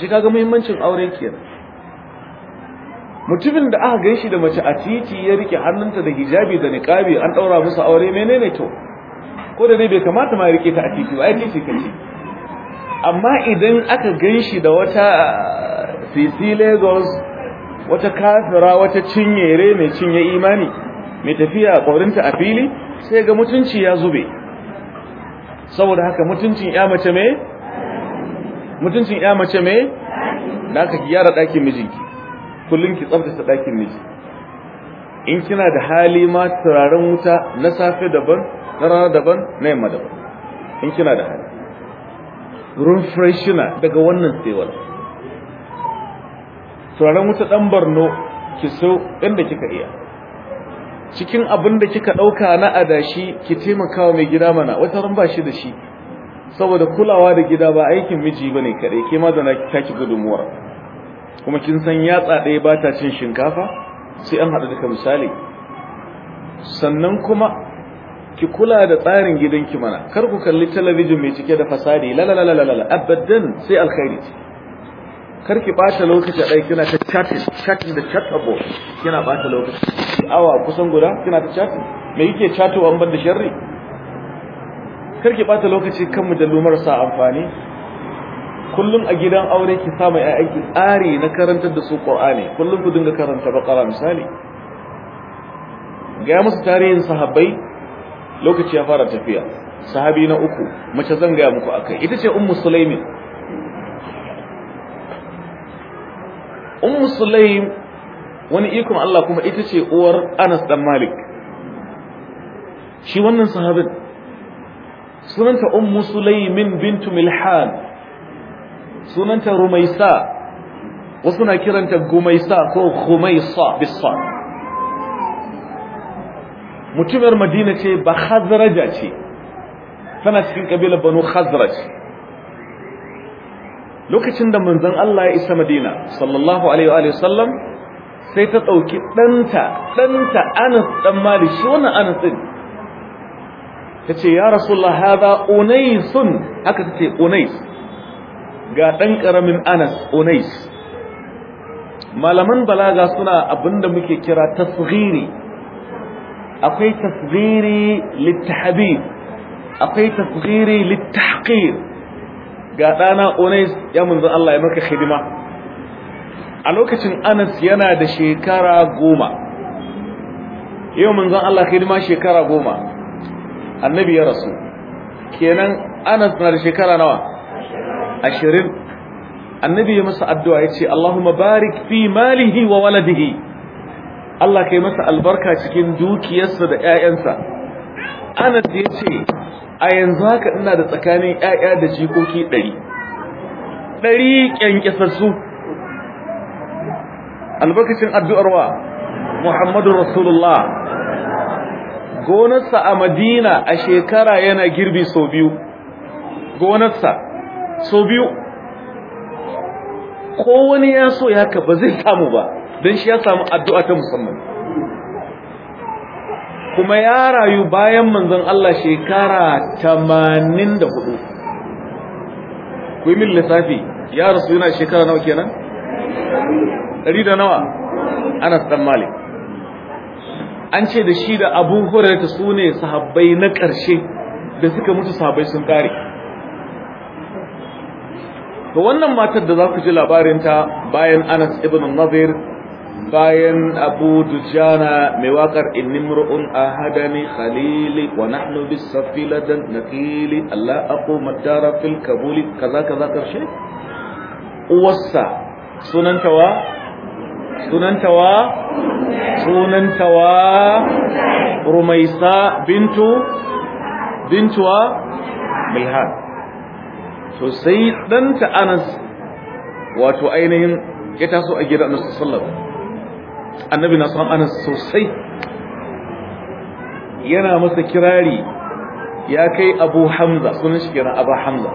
shi kaga muhimmancin auren kiyar mutumin da aka gaishe da mace a titi ya rike hannunta da hijabi da niƙabi an ɗaura musu aure menene to ko da dai bai kamata ma rike ta a titi ba a titi amma idan aka gaishe da wata sisi uh, lagos wata kafira wata cinyere mai cinye imani mai tafiya ƙorinta a fili sai ga mutunci ya zube saboda haka mutuncin ya mace mai mutuncin ya mace mai da aka gyara ɗakin mijinki kullum ki tsabtace ɗakin miji in kina da hali ma turaren wuta na safe daban na rana daban na yamma daban in kina da hali rumfreshina daga wannan tsewar turaren wuta ɗan barno ki so inda kika iya cikin abin da kika ɗauka na adashi ki taimaka wa mai gida mana wata ran ba shi da shi saboda kulawa da gida ba aikin miji ba ne kaɗai ke ma zana ta ki gudunmuwar kuma kin san yatsa ɗaya ba ta cin shinkafa sai an haɗu duka misali sannan kuma ki kula da tsarin gidanki mana kar ku kalli talabijin mai cike da fasadi lalalalalala abadan sai alkhairi karki bata lokaci dai kina ta chatting chatting da chatabo kina bata lokaci awa kusan guda kina ta chatting me yake wa an da sharri karki bata lokaci kan mujallu marasa amfani kullum a gidan aure ki samu aiki tsari na karantar da su Qur'ani kullum ku dinga karanta bakara misali ga musu tarihin sahabbai lokaci ya fara tafiya sahabi na uku mace zan ga muku akai ita ce ummu sulaimin ummu sulaim wani ikon Allah kuma ita ce uwar Anas dan Malik shi wannan sahabin sunanta ummu sulaimin bintu milhan sunanta rumaisa wasu na kiranta gumaisa ko gumaisa bisa mutumar madina ce ba khazraja ce tana cikin kabilar banu khazraj lokacin da manzon Allah ya isa Madina sallallahu alaihi wa sallam sai ta dauki danta danta Anas dan Malik shi wannan Anas din tace ya rasulullah hada unaisun haka tace unais ga dan karamin Anas unais malaman balaga suna abinda muke kira tasghiri akwai tasghiri littahbib akwai tasghiri littahqir ga ɗana onais ya munzan Allah ya maka hidima a lokacin anas yana da shekara goma yau munzan Allah hidima shekara goma annabi ya rasu kenan anas na da shekara nawa ashirin annabi ya masa addu'a ya ce Allahumma barik fi malihi wa waladihi Allah yi masa albarka cikin dukiyarsa da ‘ya'yansa anas ya ce a yanzu haka ina da tsakanin ƴaƴa da jikoki ɗari ɗari ƙyanƙyasassu albarkacin addu'ar wa muhammadun rasulullah gonarsa a madina a shekara yana girbi sau biyu gonarsa sau biyu kowane ya so ya ka ba zai samu ba don shi ya samu addu'a ta musamman kuma ya rayu bayan manzon Allah shekara 84 ku min lissafi ya rasu yana shekara nawa kenan ɗari da nawa Anas san Malik an ce da shi da Abu Hurairah su ne sahabbai na ƙarshe da suka mutu sahabbai sun kare to wannan matar da za ku ji ta bayan Anas ibn Nadir bayan abu dujana mai waƙar inimru'un a hadani khalili wa nahnu bis safiladan naqili Allah aqu madara fil kabuli kaza kaza karshe uwarsa Sunantawa? Sunantawa? Sunantawa rumaisa bintu bintuwa milhan to sai danta anas wato ainihin ya taso a gidan annabi sallallahu alaihi annabi na son anas sosai yana masa kirari ya kai abu hamza sunan shi kira abu hamza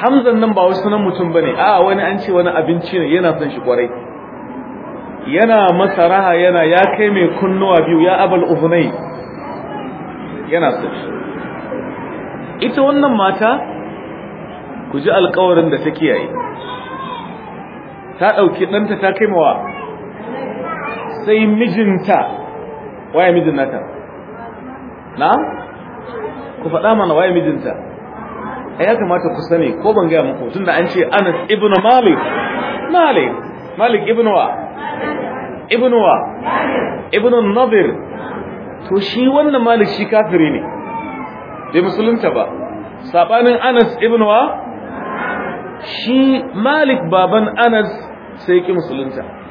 hamzan nan ba wasu sunan mutum ba ne a wani an ce wani abinci ne yana son shi kwarai yana masa raha yana ya kai mai kunnuwa biyu ya abal uhunai yana son shi ita wannan mata ku ji alkawarin da ta kiyaye ta ɗauki ɗanta ta kai sai mijinta waye mijin nata na ku faɗa mana waye mijinta ai ya kamata ku sani ko ban gaya muku tunda an ce Anas ibn Malik Malik Malik ibn wa ibn wa ibn Nadir to shi wannan Malik shi kafiri ne bai musulunta ba sabanin Anas ibn wa shi Malik baban Anas sai ki musulunta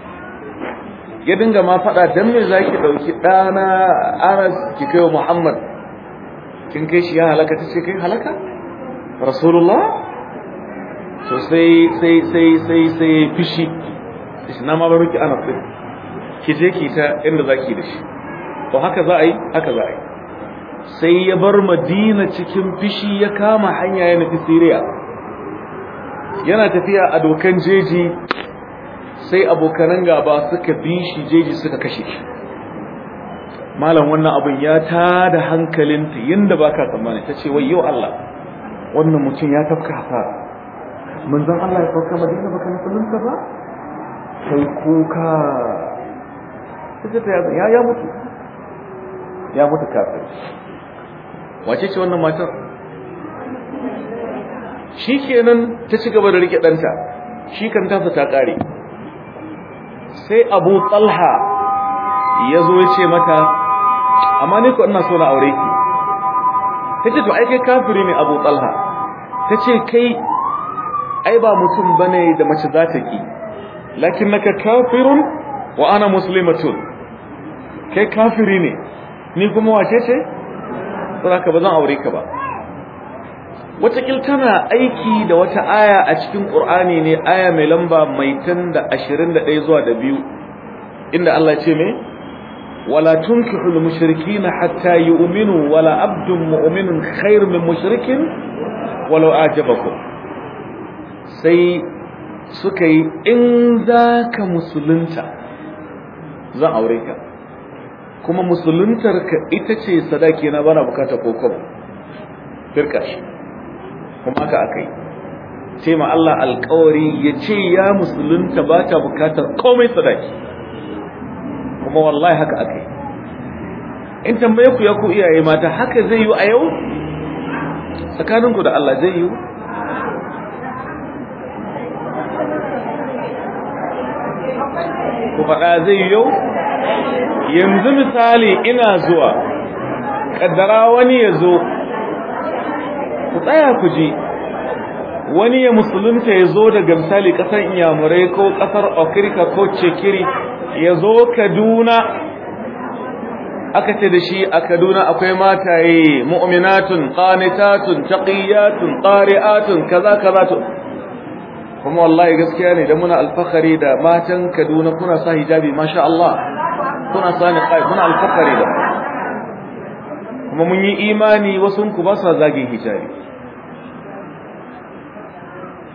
ya dinga ma faɗa dan me zaki dauki ɗana Anas ki kai Muhammad kin kai shi ya halaka tace kai halaka Rasulullah to sai sai sai sai sai fishi shi na ma baro ki Anas din ki je ki ta inda zaki da shi to haka za a yi haka za a yi sai ya bar Madina cikin fishi ya kama hanya ya nufi Syria yana tafiya a dokan jeji sai abokanan gaba suka bi shi jeji suka kashe shi malam wannan abin ya tada hankalinta yadda ba ka tsammani ta ce wai yau Allah wannan mutum ya tafka hasara manzon Allah ya sauka madina baka musulunta ba sai kuka ta ya ya mutu ya mutu kafir wace ce wannan matar shikenan ta ci gaba da rike danta shi kan ta ta kare sai abu talha ya zo ya ce mata amma ni ko ina so na aure ki ta ce to ai kai kafiri ne abu talha ta ce kai ai ba mutum bane da mace za ta ki lakin naka kafirun wa ana muslimatun kai kafiri ne ni kuma wace ce saboda ka ba zan aure ka ba watakil tana aiki da wata aya a cikin ƙur'ani ne aya mai lamba mai tan da ashirin da ɗaya zuwa da biyu inda Allah ce me wala tunkihul mushrikina hatta yu'minu wala abdun mu'minun khair min mushrikin walau ajabakum sai suka yi in zaka musulunta zan aure ka kuma musuluntarka ita ce sadaki na bana bukata ko kuma kuma haka akai sai ma Allah alƙawari ya ce ya musulunta ba ta bukatar komai sadaki kuma wallahi haka akai in tambaye ku ya ku iyaye mata haka zai yi a yau tsakaninku da Allah zai yi ku faɗa zai yi yau yanzu misali ina zuwa ƙaddara wani ya zo tsaya ku je wani ya musulunta ya zo daga misali ƙasar inyamurai ko ƙasar okirka ko cekiri ya zo kaduna aka ce da shi a kaduna akwai mataye mu'minatun qanitatun taqiyatun qari'atun kaza kaza to kuma wallahi gaskiya ne da muna alfakari da matan kaduna kuna sa hijabi masha Allah kuna sa niqab muna alfakari da kuma mun yi imani wasu ku ba sa zagin hijabi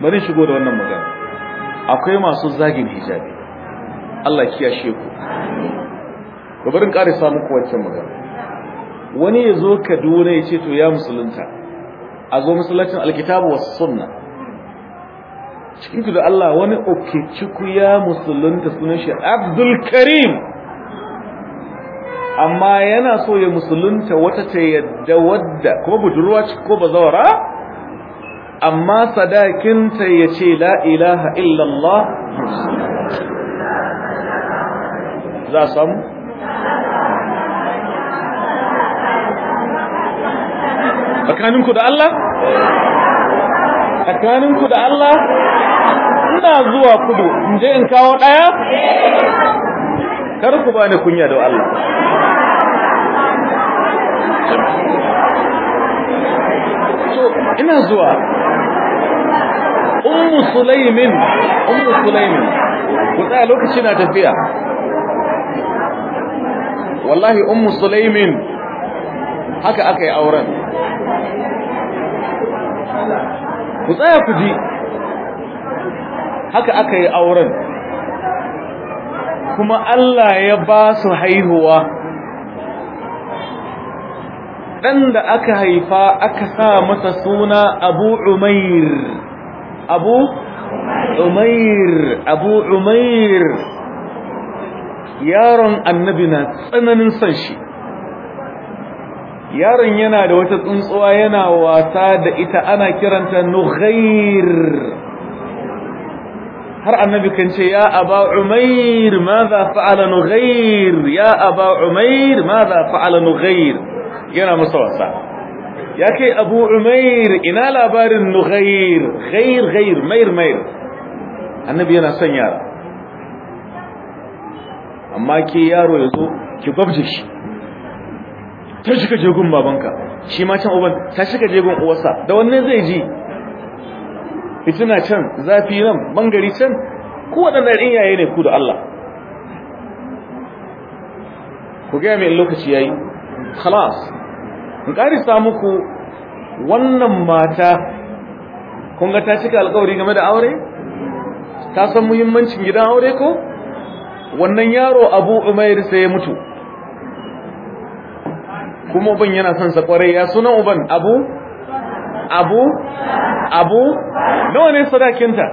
bari shigo da wannan magana akwai masu zagin hijabi Allah kiyashe ku to barin sa muku wancan magana wani ya zo Kaduna ya ce to ya musulunta a zo musuluncin alkitabu was sunna cikin da Allah wani ciku ya musulunta sunan shi Abdul Karim amma yana so ya musulunta wata ta yadda wadda ko budurwa ko bazawara amma sadakinta ya ce la ilaha illallah za samu tsakaninku da Allah tsakaninku da Allah ina zuwa kudu in je in kawo daya kar ku bani kunya da Allah ina zuwa ummu sulaimin ummu sulaimin ku tsaya lokaci na tafiya wallahi ummu sulaimin haka aka yi auren ku tsaya ku ji haka aka yi auren kuma Allah ya ba su haihuwa ɗan da aka haifa aka sa masa suna abu umair abu umair abu umair yaron annabi na tsananin san shi yaron yana da wata tsuntsuwa yana wasa da ita ana kiranta nughair har annabi kan ce ya aba umair madha fa'ala nughair ya aba umair madha fa'ala nughair yana masa wasa ya kai abu umair ina labarin nughair ghair ghair mair mair annabi yana son yara amma ke yaro ya zo ki babje shi ta shiga jegun babanka shi ma can uban ta shiga jegun uwarsa da wannan zai ji fitina can zafi nan bangari can ku waɗanda ɗin yaye ne ku da Allah ku gaya mai lokaci yayi khalas in ƙarisa muku wannan mata kunga ta cika alkawari game da aure ta san muhimmancin gidan aure ko wannan yaro abu umair sai ya mutu kuma uban yana son sa kwarai ya sunan uban abu abu abu nawa ne sadakinta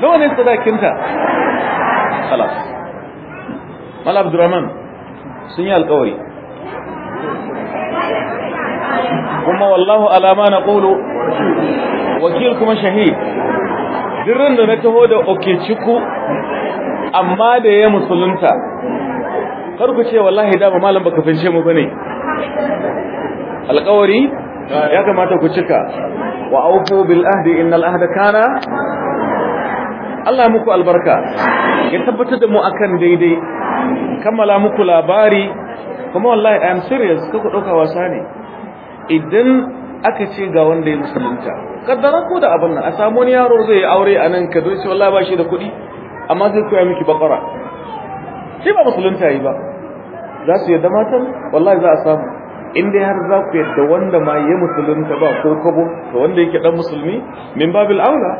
nawa ne sadakinta khalas mal abdurrahman sun yi alkawari kuma wallahu alama na ƙulu wakil kuma shahid dirin da na taho da oke ciku. amma da ya musulunta karku ce wallahi dama malam baka fahimce mu bane alƙawari ya kamata ku cika wa aufu bil ahdi innal ahda kana Allah muku albarka ya tabbatar da mu akan daidai kammala muku labari kuma wallahi i am serious kuka dauka wasa ne idan aka ce ga wanda ya musulunta kaddara ko da abin nan a samu wani yaro zai aure a nan ka doce wallahi ba shi da kuɗi amma zai koya miki bakara shi ba musulunta yi ba za su yadda matan wallahi za a samu in dai har za ku yadda wanda ma ya musulunta ba ko kabo to wanda yake dan musulmi min babil aula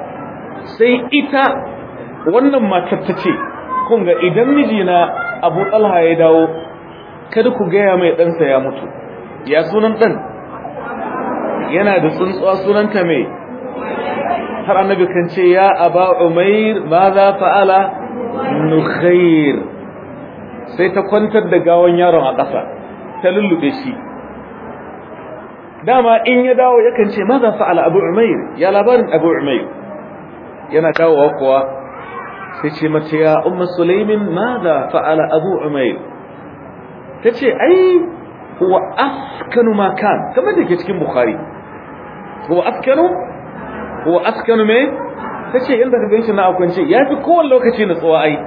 sai ita wannan matar ta ce kun ga idan mijina Abu Talha ya dawo kada ku gaya mai ɗansa ya mutu ya sunan ɗan yana da tsuntsuwa sunanta me har annabi kan ce ya aba umair ma za fa'ala nukhair sai ta kwantar da gawan yaron a ƙasa ta lullube shi dama in ya dawo ya kan ce ma za fa'ala abu umair ya labarin abu umair yana dawowa kuwa sai ce mace ya umma sulaimin ma za fa'ala abu umair ta ce ai wa askanu makan kamar da ke cikin bukhari huwa askanu huwa askanu me tace inda ka ganshi na akwance yafi kowane lokaci na tsuwa ai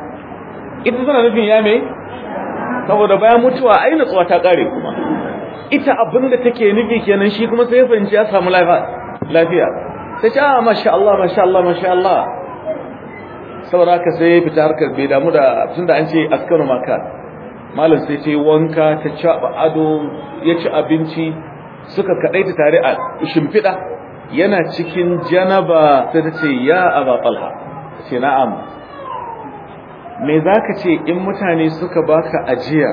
ita tana nufin ya me saboda bayan mutuwa ai na tsuwa ta kare kuma ita abinda take nufi kenan shi kuma sai ya fahimci ya samu lafiya tace ah masha Allah masha Allah masha Allah saboda haka sai ya fita harkar bai damu da tunda an ce askanu maka malam sai ta yi wanka ta caba ado ya ci abinci suka kadaita tare a shimfida yana cikin janaba sai ta ce ya aba talha ce na'am me zaka ce in mutane suka baka ajiya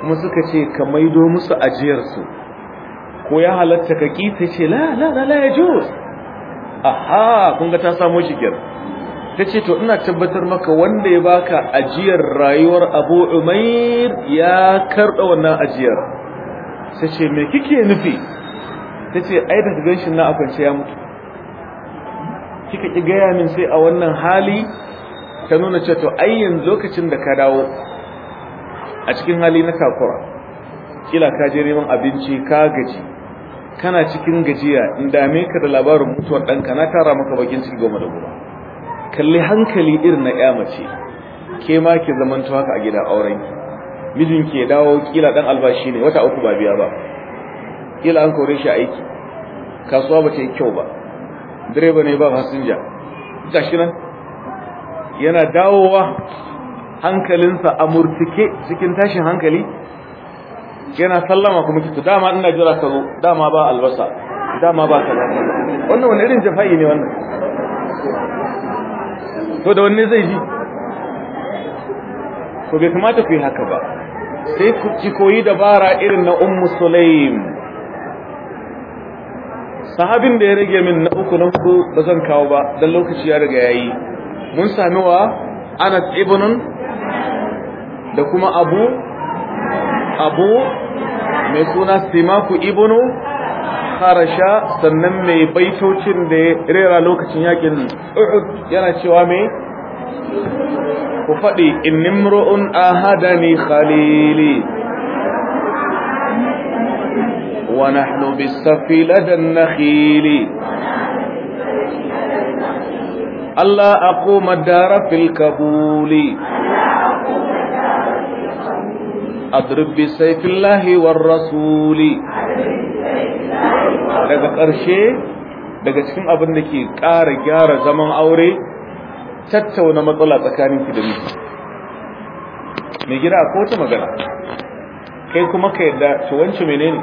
kuma suka ce ka maido musu ajiyar su ko ya halatta ka ki ta ce la la la ya juz aha kun ga ta samu shigar ta ce to ina tabbatar maka wanda ya baka ajiyar rayuwar abu umair ya karɓa wannan ajiyar sai ce mai kike nufi ta ce ai da gan shi na akwance ya mutu kika ki gaya min sai a wannan hali ta nuna ce to ai lokacin da ka dawo a cikin hali na kakura kila ka je neman abinci ka gaji kana cikin gajiya in dame ka da labarin mutuwar ɗanka na tara maka bakin ciki goma da goma kalli hankali irin na ya mace ke ma ki zamanto haka a gida aurenki mijin ke dawo kila dan albashi ne wata uku ba biya ba kila an kore shi aiki kasuwa ba ta yi kyau ba direba ne ba fasinja gashi nan yana dawowa hankalinsa a murtike cikin tashin hankali yana sallama kuma kitu dama ina jira ka zo dama ba albasa dama ba zo wannan wani irin jafa'i ne wannan to da wanne zai ji Ko bai kamata ku yi haka ba sai ku ki koyi dabara irin na ummu sulaim sahabin da ya rage min na uku na hudu ba zan kawo ba dan lokaci ya riga yayi mun sami wa anas ibnun da kuma abu abu mai suna simaku ibnu harasha sannan mai baitocin da ya rera lokacin yakin uhud yana cewa mai ku faɗi in nimru'un ahadani khalili wa nahnu bis-safi ladan nakhili Allah aquma dara fil kabuli adrib bi sayfillahi war rasuli daga ƙarshe daga cikin abin da ke ƙara gyara zaman aure tattauna matsala tsakanin da miji mai gida ko ta magana kai kuma ka yadda to wance menene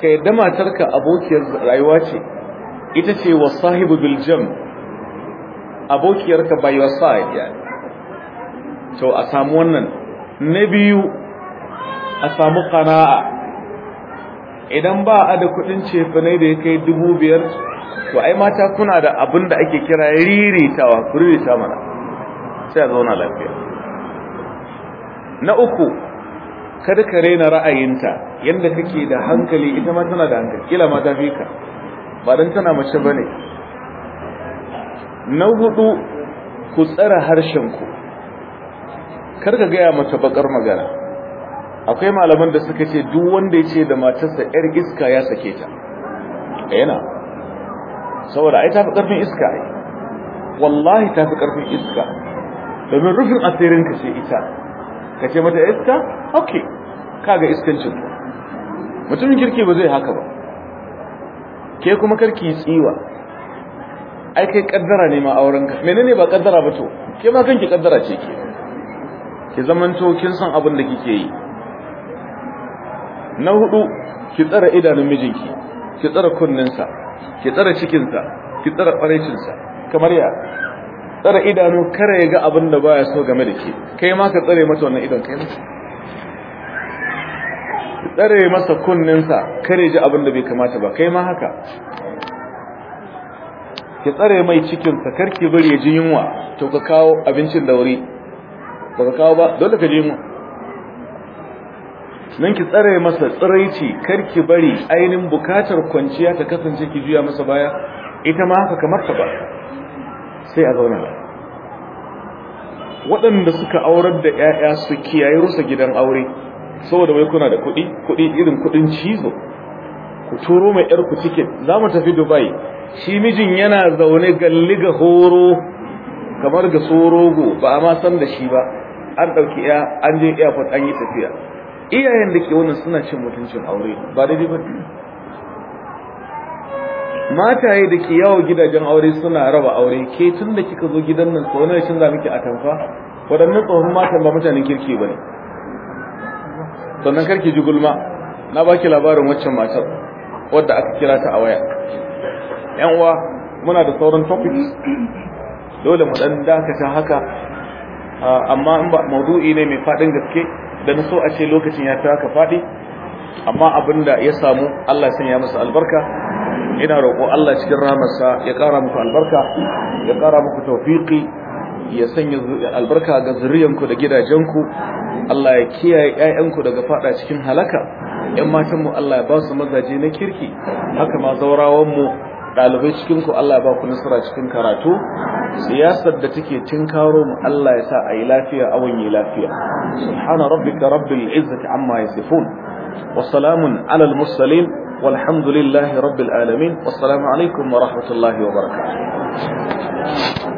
ka yadda matarka abokiyar rayuwa ce ita ce wa sahibu bil jam abokiyarka by your side ya to a samu wannan na biyu a samu qana'a idan ba a da kudin cefanai da ya kai dubu biyar to ai mata kuna da abin da ake kira riritawa ku ririta mana sai a zauna lafiya na uku kada ka raina ra'ayinta yadda kake da hankali ita ma tana da hankali kila ma ta fi ka ba don tana mace ba ne na hudu ku tsara harshenku kar ka gaya mata bakar magana akwai malaman da suka ce duk wanda ya ce da matarsa yar iska ya sake ta eh, yana saboda ai tafi karfin iska ai wallahi tafi karfin iska domin rufin asirin ka ce ita ka ce mata iska okay kaga iskancin mutumin kirki ba zai haka ba ke kuma karki tsiwa ai kai kaddara ne ma auren ka menene ba kaddara ba to ke ma kanki kaddara ce ke ki zamanto kin san abin da kike yi na hudu ki tsara idanun mijinki ki tsara kunninsa ki tsara cikinsa ki tsara ƙwarecinsa kamar ya tsara idanu kare ya ga abin da baya so game da ke kai ma ka tsare mata wannan idon kai masa tsare masa kunninsa kare ji abin da bai kamata ba kai ma haka ki tsare mai cikinsa karki bari ya ji yunwa to ka kawo abincin da wuri ba ka kawo ba dole ka ji yunwa nan ki tsare masa tsiraici kar ki bari ainin bukatar kwanciya ta kasance ki juya masa baya ita ma haka kamar ta ba sai a zauna waɗanda suka aurar da 'ya'ya su kiyaye rusa gidan aure saboda wai kuna da kuɗi kuɗi irin kuɗin cizo ku turo mai 'yarku ku tiket za mu tafi dubai shi mijin yana zaune galli ga horo kamar ga tsorogo, ba a ma san da shi ba an ɗauki ya an je airport an yi tafiya iyayen da ke wannan suna cin mutuncin aure ba daidai ba mataye da ke yawo gidajen aure suna raba aure ke tun da kika zo gidan nan sau nawa canza miki a tamfa waɗannan tsohon matan ba mutanen kirki ba ne sannan karki ji gulma na baki labarin waccan matar wadda aka kira ta a waya yan uwa muna da sauran topics dole mu dan dakata haka ah, amma in ba maudu'i ne mai faɗin gaske da na so a ce lokacin ya taka haka faɗi amma abin da ya samu Allah sanya masa albarka ina roƙo Allah cikin rahmarsa ya ƙara muku albarka ya ƙara muku tawfiqi ya sanya albarka ga zuriyanku da gidajenku Allah ya kiyaye ƴaƴanku daga fada cikin halaka ƴan matanmu Allah ya ba su mazaje na kirki haka ma zaurawanmu ɗalibai cikin ku Allah ba ku nasara cikin karatu siyasar da take tinkaro mu Allah ya sa ayi lafiya a wani lafiya subhana rabbika rabbil izzati amma yasifun wa salamun ala al mursalin walhamdulillahi rabbil alamin wassalamu alaikum wa rahmatullahi wa barakatuh